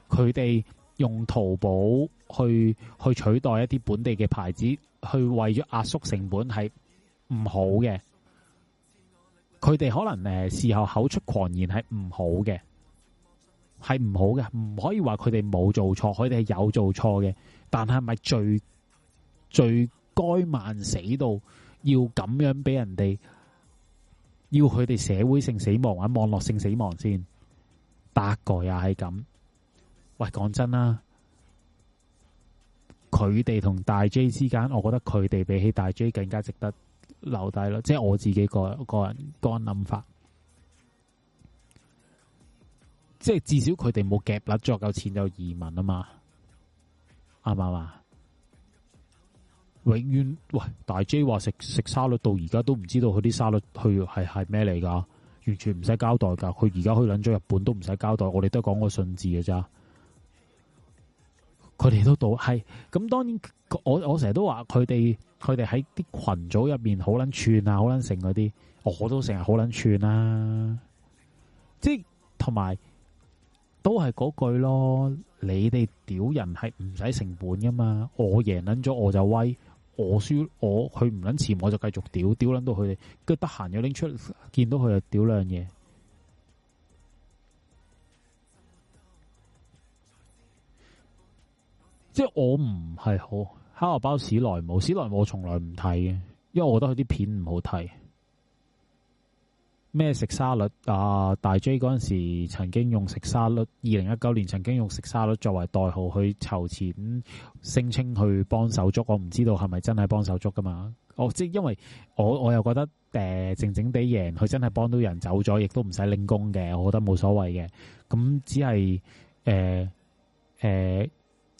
佢哋。用淘寶去去取代一啲本地嘅牌子，去為咗壓縮成本係唔好嘅。佢哋可能誒事後口出狂言係唔好嘅，係唔好嘅，唔可以話佢哋冇做錯，佢哋係有做錯嘅。但係咪最最該萬死到要咁樣俾人哋要佢哋社會性死亡或者網絡性死亡先？八個又係咁。喂，講真啦，佢哋同大 J 之間，我覺得佢哋比起大 J 更加值得留低咯。即係我自己個個人個人諗法，即係至少佢哋冇夾率，作夠錢就移民啊嘛，啱唔啱呀？永遠喂大 J 話食食沙律到而家都唔知道佢啲沙律去係係咩嚟噶，完全唔使交代噶。佢而家去捻咗日本都唔使交代，我哋都係講個信字嘅咋。佢哋都賭係，咁當然我我成日都話佢哋佢哋喺啲群組入邊好捻串啊，好捻成嗰啲，我都成日好捻串啦。即係同埋都係嗰句咯，你哋屌人係唔使成本噶嘛，我贏捻咗我就威，我輸我佢唔捻錢我就繼續屌，屌捻到佢哋，跟住得閒又拎出嚟，見到佢就屌兩嘢。即係我唔係好《烤肉包史萊姆》，史萊姆我從來唔睇嘅，因為我覺得佢啲片唔好睇。咩食沙律啊？大 J 嗰陣時曾經用食沙律，二零一九年曾經用食沙律作為代號去籌錢，聲稱去幫手足。我唔知道係咪真係幫手足㗎嘛？我、哦、即係因為我我又覺得誒、呃、靜靜地贏，佢真係幫到人走咗，亦都唔使領功嘅。我覺得冇所謂嘅。咁、嗯、只係誒誒。呃呃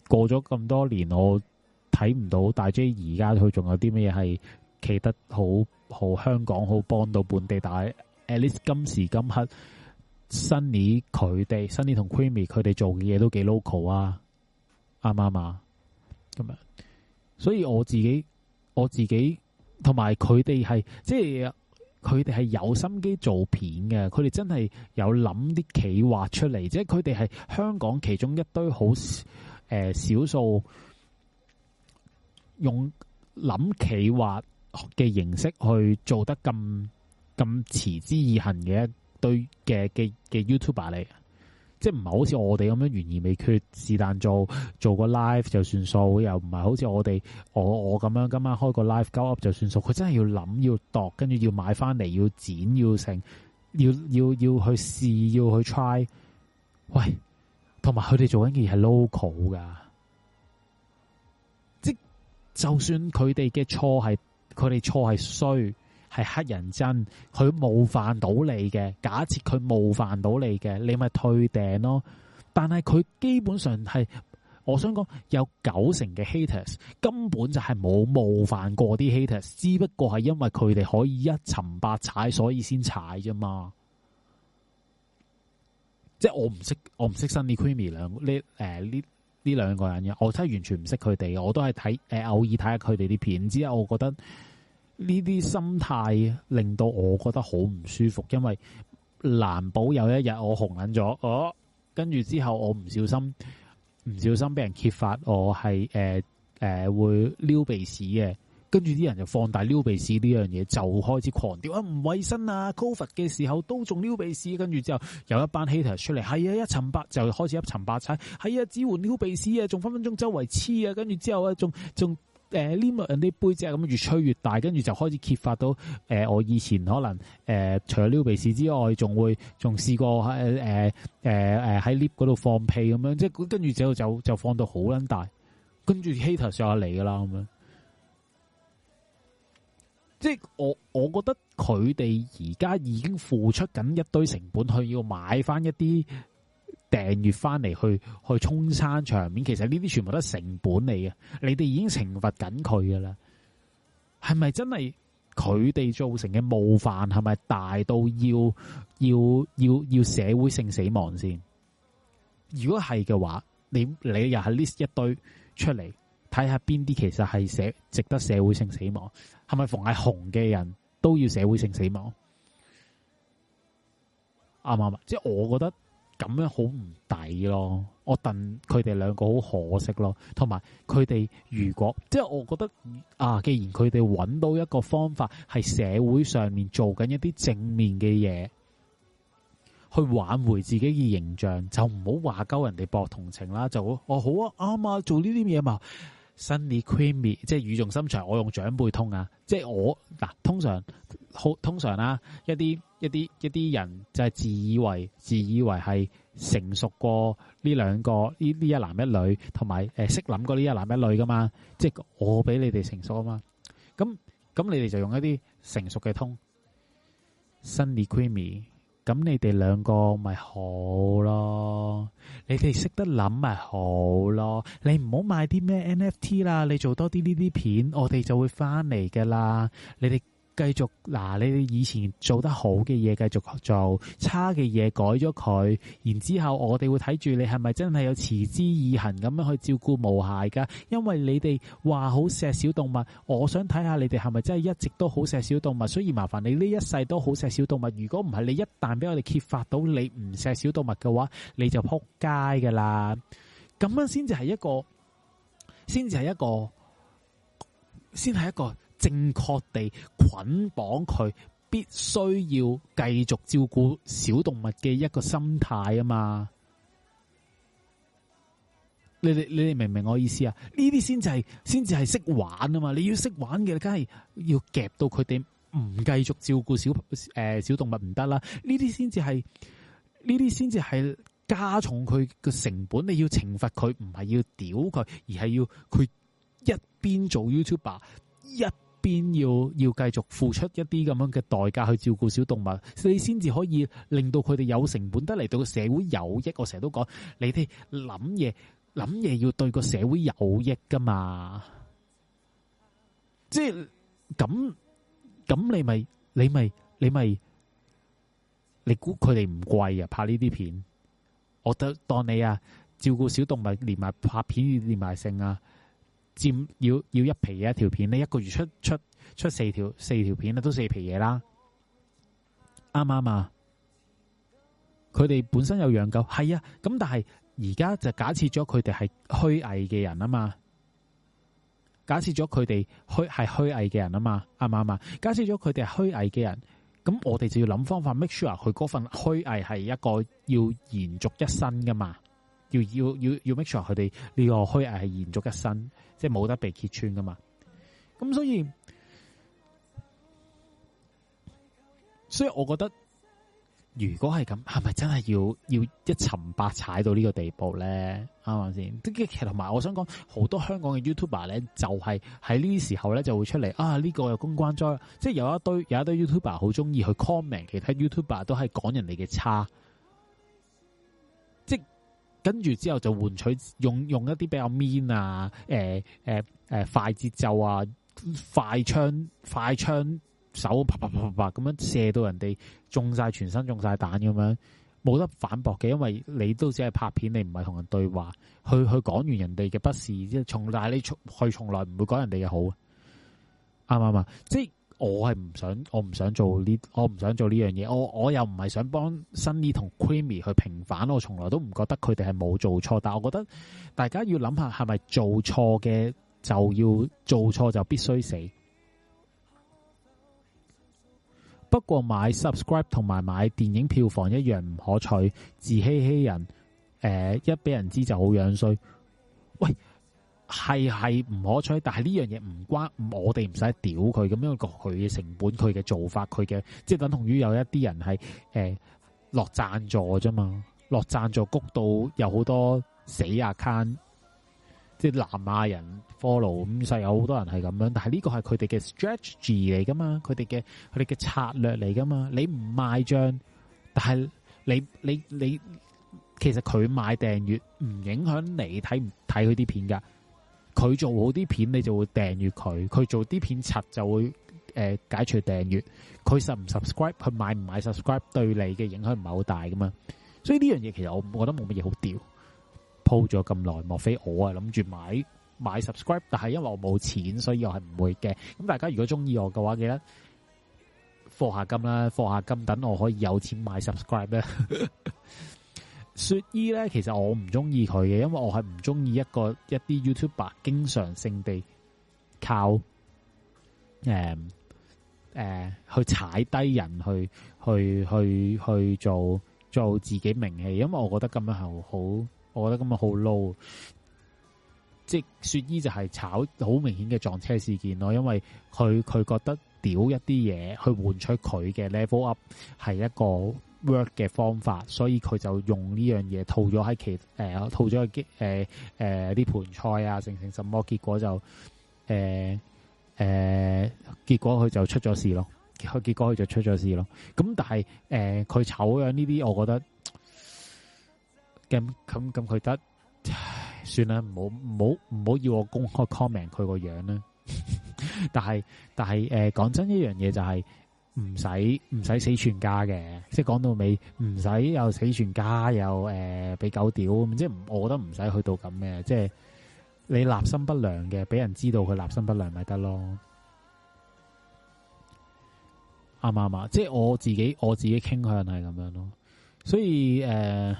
過咗咁多年，我睇唔到大 J 而家佢仲有啲咩嘢係企得好好香港好幫到本地。但係 at least 今時今刻，Sunny 佢哋，Sunny 同 Creamy 佢哋做嘅嘢都幾 local 啊，啱唔啱啊？咁樣，所以我自己、我自己同埋佢哋係，即係佢哋係有心機做片嘅。佢哋真係有諗啲企劃出嚟，即係佢哋係香港其中一堆好。誒、呃，少數用諗企劃嘅形式去做得咁咁持之以恒嘅一堆嘅嘅嘅 YouTuber 嚟，即係唔係好似我哋咁樣懸而未決，是但做做個 live 就算數，又唔係好似我哋我我咁樣，今晚開個 live Go up 就算數。佢真係要諗，要度，跟住要買翻嚟，要剪，要成，要要要去試，要去 try，喂。同埋佢哋做緊嘢係 local 噶，即就算佢哋嘅錯係佢哋錯係衰係黑人憎，佢冒犯到你嘅，假設佢冒犯到你嘅，你咪退訂咯。但係佢基本上係，我想講有九成嘅 haters 根本就係冇冒犯過啲 haters，只不過係因為佢哋可以一沉百踩，所以先踩啫嘛。即係我唔識，我唔識新李 Creamy 兩呢誒呢呢兩個人嘅，我真係完全唔識佢哋嘅，我都係睇誒偶爾睇下佢哋啲片，之後我覺得呢啲心態令到我覺得好唔舒服，因為難保有一日我紅緊咗，哦，跟住之後我唔小心唔小心俾人揭發我係誒誒會撩鼻屎嘅。跟住啲人就放大撩鼻屎呢樣嘢，就開始狂調啊，唔衛生啊，COVID 嘅時候都仲撩鼻屎。跟住之後有一班 hater 出嚟，係啊，一塵白就開始一塵白踩，係啊，只換撩鼻屎啊，仲分分鐘周圍黐啊，跟住之後啊，仲仲誒黏人啲杯啊，咁越吹越大，跟住就開始揭發到誒、呃，我以前可能誒、呃，除咗撩鼻屎之外，仲會仲試過誒誒誒喺 lift 嗰度放屁咁樣，即係跟住之後就就，就放到好撚大，跟住 hater 上嚟噶啦咁樣。即係我，我覺得佢哋而家已經付出緊一堆成本去要買翻一啲訂閱翻嚟去去沖山場面，其實呢啲全部都係成本嚟嘅。你哋已經懲罰緊佢噶啦，係咪真係佢哋造成嘅冒犯係咪大到要要要要社會性死亡先？如果係嘅話，你你又係 list 一堆出嚟。睇下邊啲其實係社值得社會性死亡，係咪逢係紅嘅人都要社會性死亡？啱唔啱？即係我覺得咁樣好唔抵咯。我戥佢哋兩個好可惜咯。同埋佢哋如果即係我覺得啊，既然佢哋揾到一個方法係社會上面做緊一啲正面嘅嘢，去挽回自己嘅形象，就唔好話鳩人哋博同情啦。就會哦好啊！啱啊！做呢啲嘢嘛。Sunny Creamy，即係語重心長，我用長輩通啊！即係我嗱，通常好通常啊，一啲一啲一啲人就係自以為自以為係成熟過呢兩個呢呢一男一女，同埋誒識諗過呢一男一女㗎嘛！即係我比你哋成熟啊嘛！咁咁你哋就用一啲成熟嘅通，Sunny Creamy。咁你哋兩個咪好咯，你哋識得諗咪好咯，你唔好買啲咩 NFT 啦，你做多啲呢啲片，我哋就會翻嚟噶啦，你哋。繼續嗱、啊，你哋以前做得好嘅嘢，繼續做，差嘅嘢，改咗佢。然之後我哋會睇住你係咪真係有持之以恆咁樣去照顧無限噶。因為你哋話好錫小動物，我想睇下你哋係咪真係一直都好錫小動物。所以麻煩你呢一世都好錫小動物。如果唔係，你一旦俾我哋揭發到你唔錫小動物嘅話，你就撲街噶啦。咁樣先至係一個，先至係一個，先係一個。正確地捆綁佢，必須要繼續照顧小動物嘅一個心態啊嘛，你你你明唔明我意思啊？呢啲先至係先至係識玩啊嘛。你要識玩嘅，梗係要夾到佢哋唔繼續照顧小誒、呃、小動物唔得啦。呢啲先至係呢啲先至係加重佢嘅成本。你要懲罰佢，唔係要屌佢，而係要佢一邊做 YouTuber，一。邊要要繼續付出一啲咁樣嘅代價去照顧小動物，你先至可以令到佢哋有成本得嚟對個社會有益。我成日都講，你哋諗嘢諗嘢要對個社會有益噶嘛？即係咁咁，你咪你咪你咪，你估佢哋唔貴啊？拍呢啲片，我得當你啊照顧小動物，連埋拍片連埋性啊！占要要一皮嘢一條片咧，一個月出出出四條四條片都四皮嘢啦，啱唔啱啊？佢、嗯、哋、嗯、本身有養狗，係啊，咁但係而家就假設咗佢哋係虛偽嘅人啊嘛，假設咗佢哋虛係虛偽嘅人啊嘛，啱唔啱啊？假設咗佢哋係虛偽嘅人，咁我哋就要諗方法 make sure 佢嗰份虛偽係一個要延續一生噶嘛。要要要要 make sure 佢哋呢個虛偽係延續一身，即係冇得被揭穿噶嘛。咁所以，所以我覺得如果係咁，係咪真係要要一沉百踩到呢個地步咧？啱唔啱先？跟住其實同埋，我想講好多香港嘅 YouTuber 咧，就係喺呢啲時候咧就會出嚟啊！呢、呢個有公關災，即係有一堆有一堆 YouTuber 好中意去 comment 其他 YouTuber，都係講人哋嘅差，即跟住之後就換取用用一啲比較 mean 啊，誒誒誒快節奏啊，快槍快槍手，啪啪啪啪咁樣射到人哋中晒全身中晒彈咁樣，冇得反駁嘅，因為你都只係拍片，你唔係同人對話，去去講完人哋嘅不是，即係從，但你從佢從來唔會講人哋嘅好，啱唔啱啊？即係。 我係唔想，我唔想做呢，我唔想做呢樣嘢。我我又唔係想幫 Sunny 同 Creamy 去平反。我從來都唔覺得佢哋係冇做錯，但我覺得大家要諗下，係咪做錯嘅就要做錯就必須死？不過買 subscribe 同埋買電影票房一樣唔可取，自欺欺人。誒、呃，一俾人知就好樣衰。喂！係係唔可取，但係呢樣嘢唔關我哋，唔使屌佢咁樣個佢嘅成本，佢嘅做法，佢嘅即係等同於有一啲人係誒落贊助啫嘛，落贊助谷到有好多死 account，即係南亞人 follow 咁，所以有好多人係咁樣。但係呢個係佢哋嘅 strategy 嚟噶嘛，佢哋嘅佢哋嘅策略嚟噶嘛。你唔賣賬，但係你你你，你，其實佢買訂閱唔影響你睇唔睇佢啲片噶。佢做好啲片，你就會訂閱佢；佢做啲片刷就會、呃、解除訂閱。佢實唔 subscribe，佢買唔買 subscribe，對你嘅影響唔係好大㗎嘛。所以呢樣嘢其實我覺得冇乜嘢好屌。鋪咗咁耐，莫非我啊諗住買買 subscribe？但係因為我冇錢，所以我係唔會嘅。咁大家如果中意我嘅話，記得放下金啦，放下金，等我可以有錢買 subscribe 咧。 雪姨咧，其實我唔中意佢嘅，因為我係唔中意一個一啲 YouTuber 經常性地靠誒誒、呃呃、去踩低人去去去去做做自己名氣，因為我覺得咁樣係好，我覺得咁樣好 low。即雪姨就係炒好明顯嘅撞車事件咯，因為佢佢覺得屌一啲嘢去換取佢嘅 level up 係一個。work 嘅方法，所以佢就用呢樣嘢套咗喺其誒、呃、套咗去誒誒啲盆菜啊，成成什麼，結果就誒誒、呃呃，結果佢就出咗事咯。佢結果佢就出咗事咯。咁但係誒，佢、呃、醜樣呢啲，我覺得咁咁咁，佢得唉算啦，唔好唔好唔好要我公開 comment 佢個樣啦、啊。 但係但係誒，講真一樣嘢就係、是。唔使唔使死全家嘅，即係講到尾唔使又死全家又誒俾、呃、狗屌咁，即係我覺得唔使去到咁嘅。即係你立心不良嘅，俾人知道佢立心不良咪得咯，啱唔啱？即係我自己我自己傾向係咁樣咯，所以誒。呃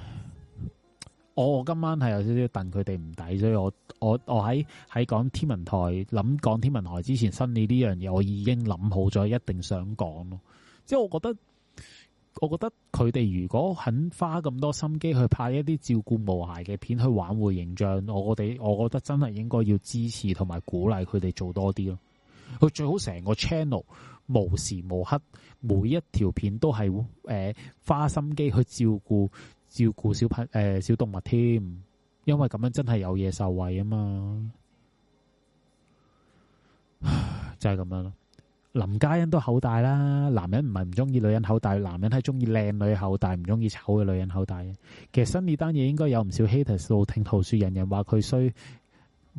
我今晚係有少少戥佢哋唔抵，所以我我我喺喺講天文台諗講天文台之前新嘅呢樣嘢，我已經諗好咗，一定想講咯。即係我覺得，我覺得佢哋如果肯花咁多心機去拍一啲照顧無瑕嘅片，去挽回形象，我我哋我覺得真係應該要支持同埋鼓勵佢哋做多啲咯。佢最好成個 channel 無時無刻每一條片都係誒、呃、花心機去照顧。照顧小朋誒、呃、小動物添，因為咁樣真係有嘢受惠啊嘛。就係、是、咁樣咯。林嘉欣都口大啦，男人唔係唔中意女人口大，男人係中意靚女口大，唔中意醜嘅女人口大嘅。其實新呢單嘢應該有唔少 haters 道聽途說，人人話佢衰。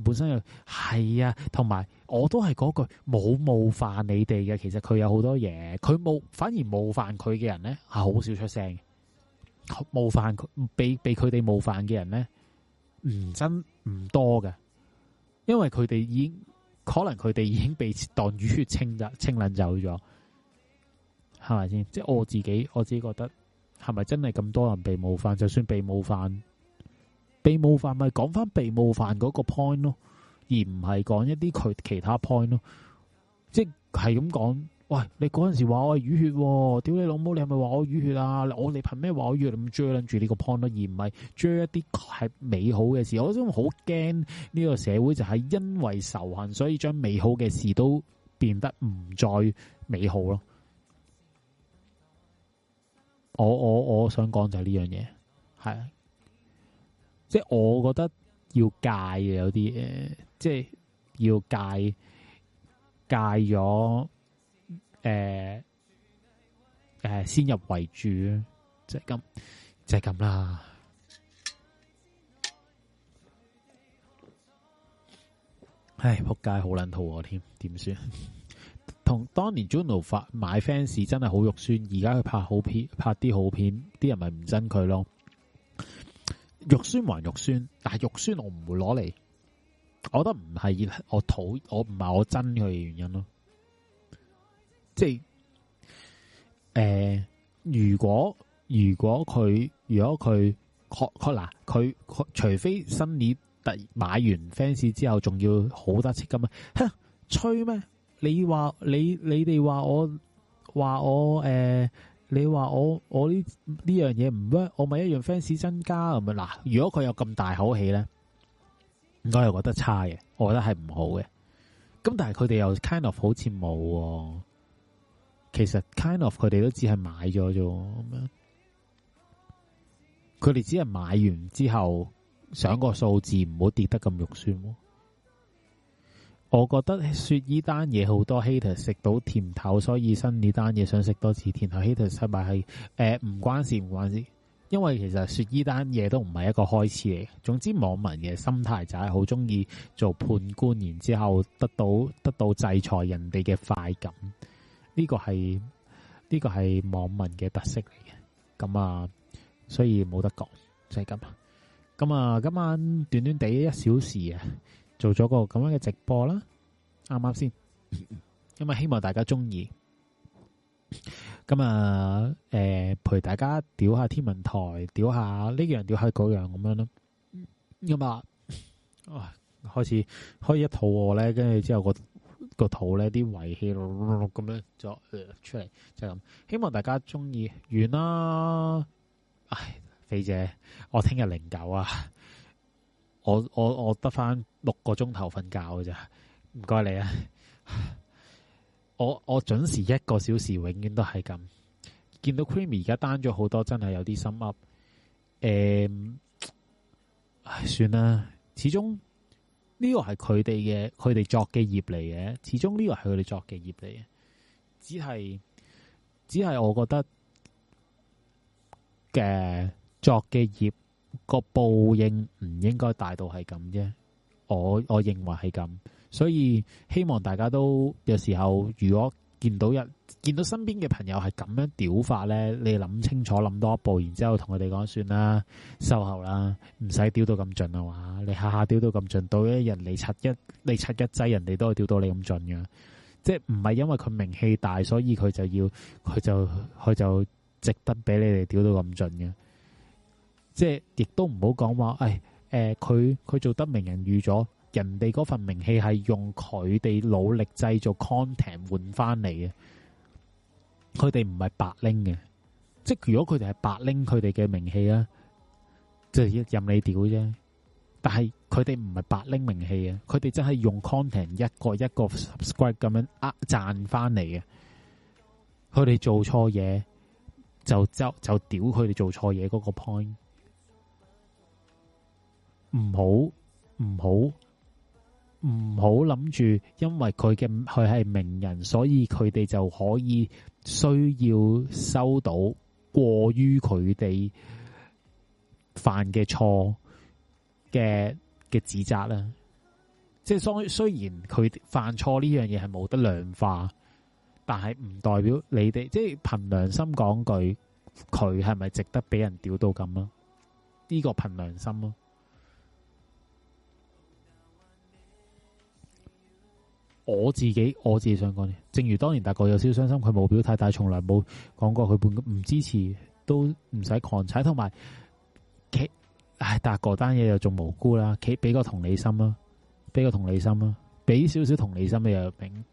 本身又係啊，同埋我都係嗰句冇冒犯你哋嘅，其實佢有好多嘢，佢冒反而冒犯佢嘅人咧，係好少出聲的。被被他們冒犯佢，被被佢哋冒犯嘅人咧，唔真唔多嘅，因為佢哋已經可能佢哋已經被當淤血清，清冷就清淋走咗，係咪先？即係我自己，我自己覺得係咪真係咁多人被冒犯？就算被冒犯，被冒犯咪講翻被冒犯嗰個 point 咯，而唔係講一啲佢其他 point 咯，即係咁講。喂，你嗰陣時話我淤血，哦，屌你老母，你係咪話我淤血啊？我哋憑咩話我淤血咁追撚住呢個 point 咯，而唔係追一啲係美好嘅事？我真好驚呢個社會就係因為仇恨，所以將美好嘅事都變得唔再美好咯。我我我想講就係呢樣嘢，係，即係我覺得要戒嘅有啲誒，即係要戒戒咗。誒、呃、誒、呃，先入為主，就係、是、咁，就係、是、咁啦。唉，仆街，好撚肚餓添，點算？同 當年 Juno 發買 fans 真係好肉酸，而家佢拍好片，拍啲好片，啲人咪唔憎佢咯。肉酸還肉酸，但係肉酸我唔會攞嚟，我覺得唔係我討，我唔係我憎佢嘅原因咯。即係誒、呃，如果如果佢如果佢確確嗱，佢除非新年突然買完 fans 之後，仲要好得戚咁啊？吹咩？你話你你哋話我話我誒，你話我我呢呢、呃、樣嘢唔咩我咪一樣 fans 增加咁啊？嗱，如果佢有咁大口氣咧，我又覺得差嘅，我覺得係唔好嘅。咁但係佢哋又 kind of 好似冇。其實 kind of 佢哋都只係買咗啫，咁樣佢哋只係買完之後想個數字唔好跌得咁肉酸。我覺得雪姨單嘢，好多 hater 食到甜頭，所以新呢單嘢想食多次甜頭，hater 使咪係，欸，唔關事，唔關事，因為其實雪姨單嘢都唔係一個開始嚟。總之網民嘅心態就係好中意做判官，然之後得到得到制裁人哋嘅快感。呢、這個係呢、這個係網民嘅特色嚟嘅，咁啊，所以冇得講，就係咁啊。咁啊，今晚短短地一小時啊，做咗個咁樣嘅直播啦，啱啱先？咁 啊，希望大家中意。咁啊，誒、呃，陪大家屌下天文台，屌下呢樣，屌下嗰樣，咁樣咯。咁啊，哦、嗯嗯啊啊，開始開一套喎咧，跟住之後個。個肚咧啲胃氣咁樣就出嚟，就咁，係。希望大家中意，完啦。唉，肥姐，我聽日零九啊，我我我得翻六個鐘頭瞓覺㗎咋，唔該你啊。我我準時一個小時，永遠都係咁。見到 Creamy 而家單咗好多，真係有啲心悒。誒、嗯，唉，算啦，始終。呢個係佢哋嘅，佢哋作嘅業嚟嘅。始終呢個係佢哋作嘅業嚟嘅，只係只係我覺得嘅作嘅業個報應唔應該大到係咁啫。我我認為係咁，所以希望大家都有時候，如果見到人。見到身邊嘅朋友係咁樣屌法咧，你諗清楚，諗多一步，然之後同佢哋講，算啦，收手啦，唔使屌到咁盡啊嘛，你下下屌到咁盡，到人嚟，七一，你七一你七一劑，人哋都係屌到你咁盡嘅。即係唔係因為佢名氣大，所以佢就要佢就佢就值得俾你哋屌到咁盡嘅。即係亦都唔好講話，誒、哎、誒，佢、呃、佢做得名人預咗，人哋嗰份名氣係用佢哋努力製造 content 換翻嚟嘅。佢哋唔係白拎嘅，即係如果佢哋係白拎佢哋嘅名氣啦，即係任你屌啫。但係佢哋唔係白拎名氣啊，佢哋、啊、真係用 content 一個一個 subscribe 咁樣呃、啊、賺翻嚟嘅。佢哋做錯嘢就就就屌佢哋做錯嘢嗰個 point，唔好唔好，不唔好諗住，因為佢嘅佢係名人，所以佢哋就可以需要收到過於佢哋犯嘅錯嘅嘅指責啦。即係雖雖然佢犯錯呢樣嘢係冇得量化，但係唔代表你哋即係憑良心講句，佢係咪值得俾人屌到咁啊，呢個憑良心咯。我自己我自己想講嘅，正如當年達哥有少少傷心，佢冇表態，但係從來冇講過佢半唔支持，都唔使狂踩。同埋，其唉，達哥單嘢又仲無辜啦，俾個同理心啦，俾個同理心啦，俾少少同理心嘅又明。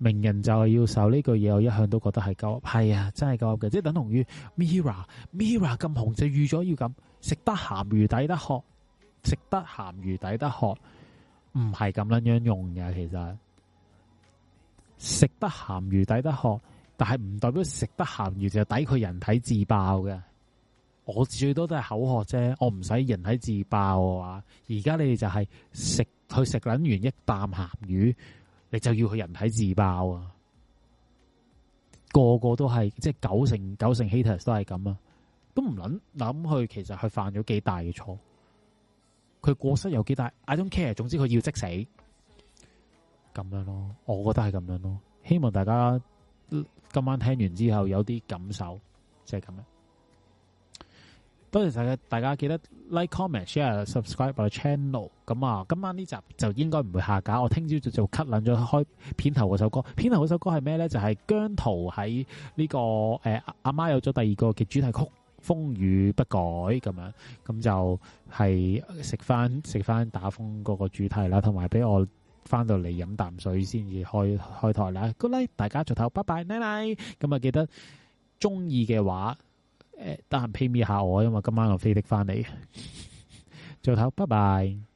名人就係要受呢句嘢，我一向都覺得係鳩，係啊，真係鳩嘅，即係等同於 MIRROR，MIRROR 咁紅就預咗要咁，食得鹹魚抵得渴，食得鹹魚抵得渴。唔係咁樣樣用嘅。其實食得鹹魚抵得渴，但係唔代表食得鹹魚就抵佢人體自爆嘅。我最多都係口渴啫，我唔使人體自爆啊。而家你哋就係食去食撚完一啖鹹魚，你就要佢人體自爆啊！個個都係即係九成九成 haters 都係咁啊，都唔撚諗去，其實佢犯咗幾大嘅錯。佢過失有幾大？I don't care。總之佢要即死咁樣咯，我覺得係咁樣咯。希望大家今晚聽完之後有啲感受，就係咁樣。多謝大家，大家記得 like、comment、share、subscribe 我 channel。咁啊，今晚呢集就應該唔會下架。我聽朝就就 cut 捻咗開片頭嗰首歌。片頭嗰首歌係咩咧？就係姜濤喺呢個誒阿媽有咗第二個嘅主題曲。風雨不改咁樣，咁就係食翻食翻打風嗰個主題啦，同埋俾我翻到嚟飲啖水先至開開台啦。Good luck 好啦，大家早唞，拜拜，奶奶，咁啊記得中意嘅話，誒、呃，得閒 P M 下我，因為今晚我飛的翻嚟，早唞，拜拜。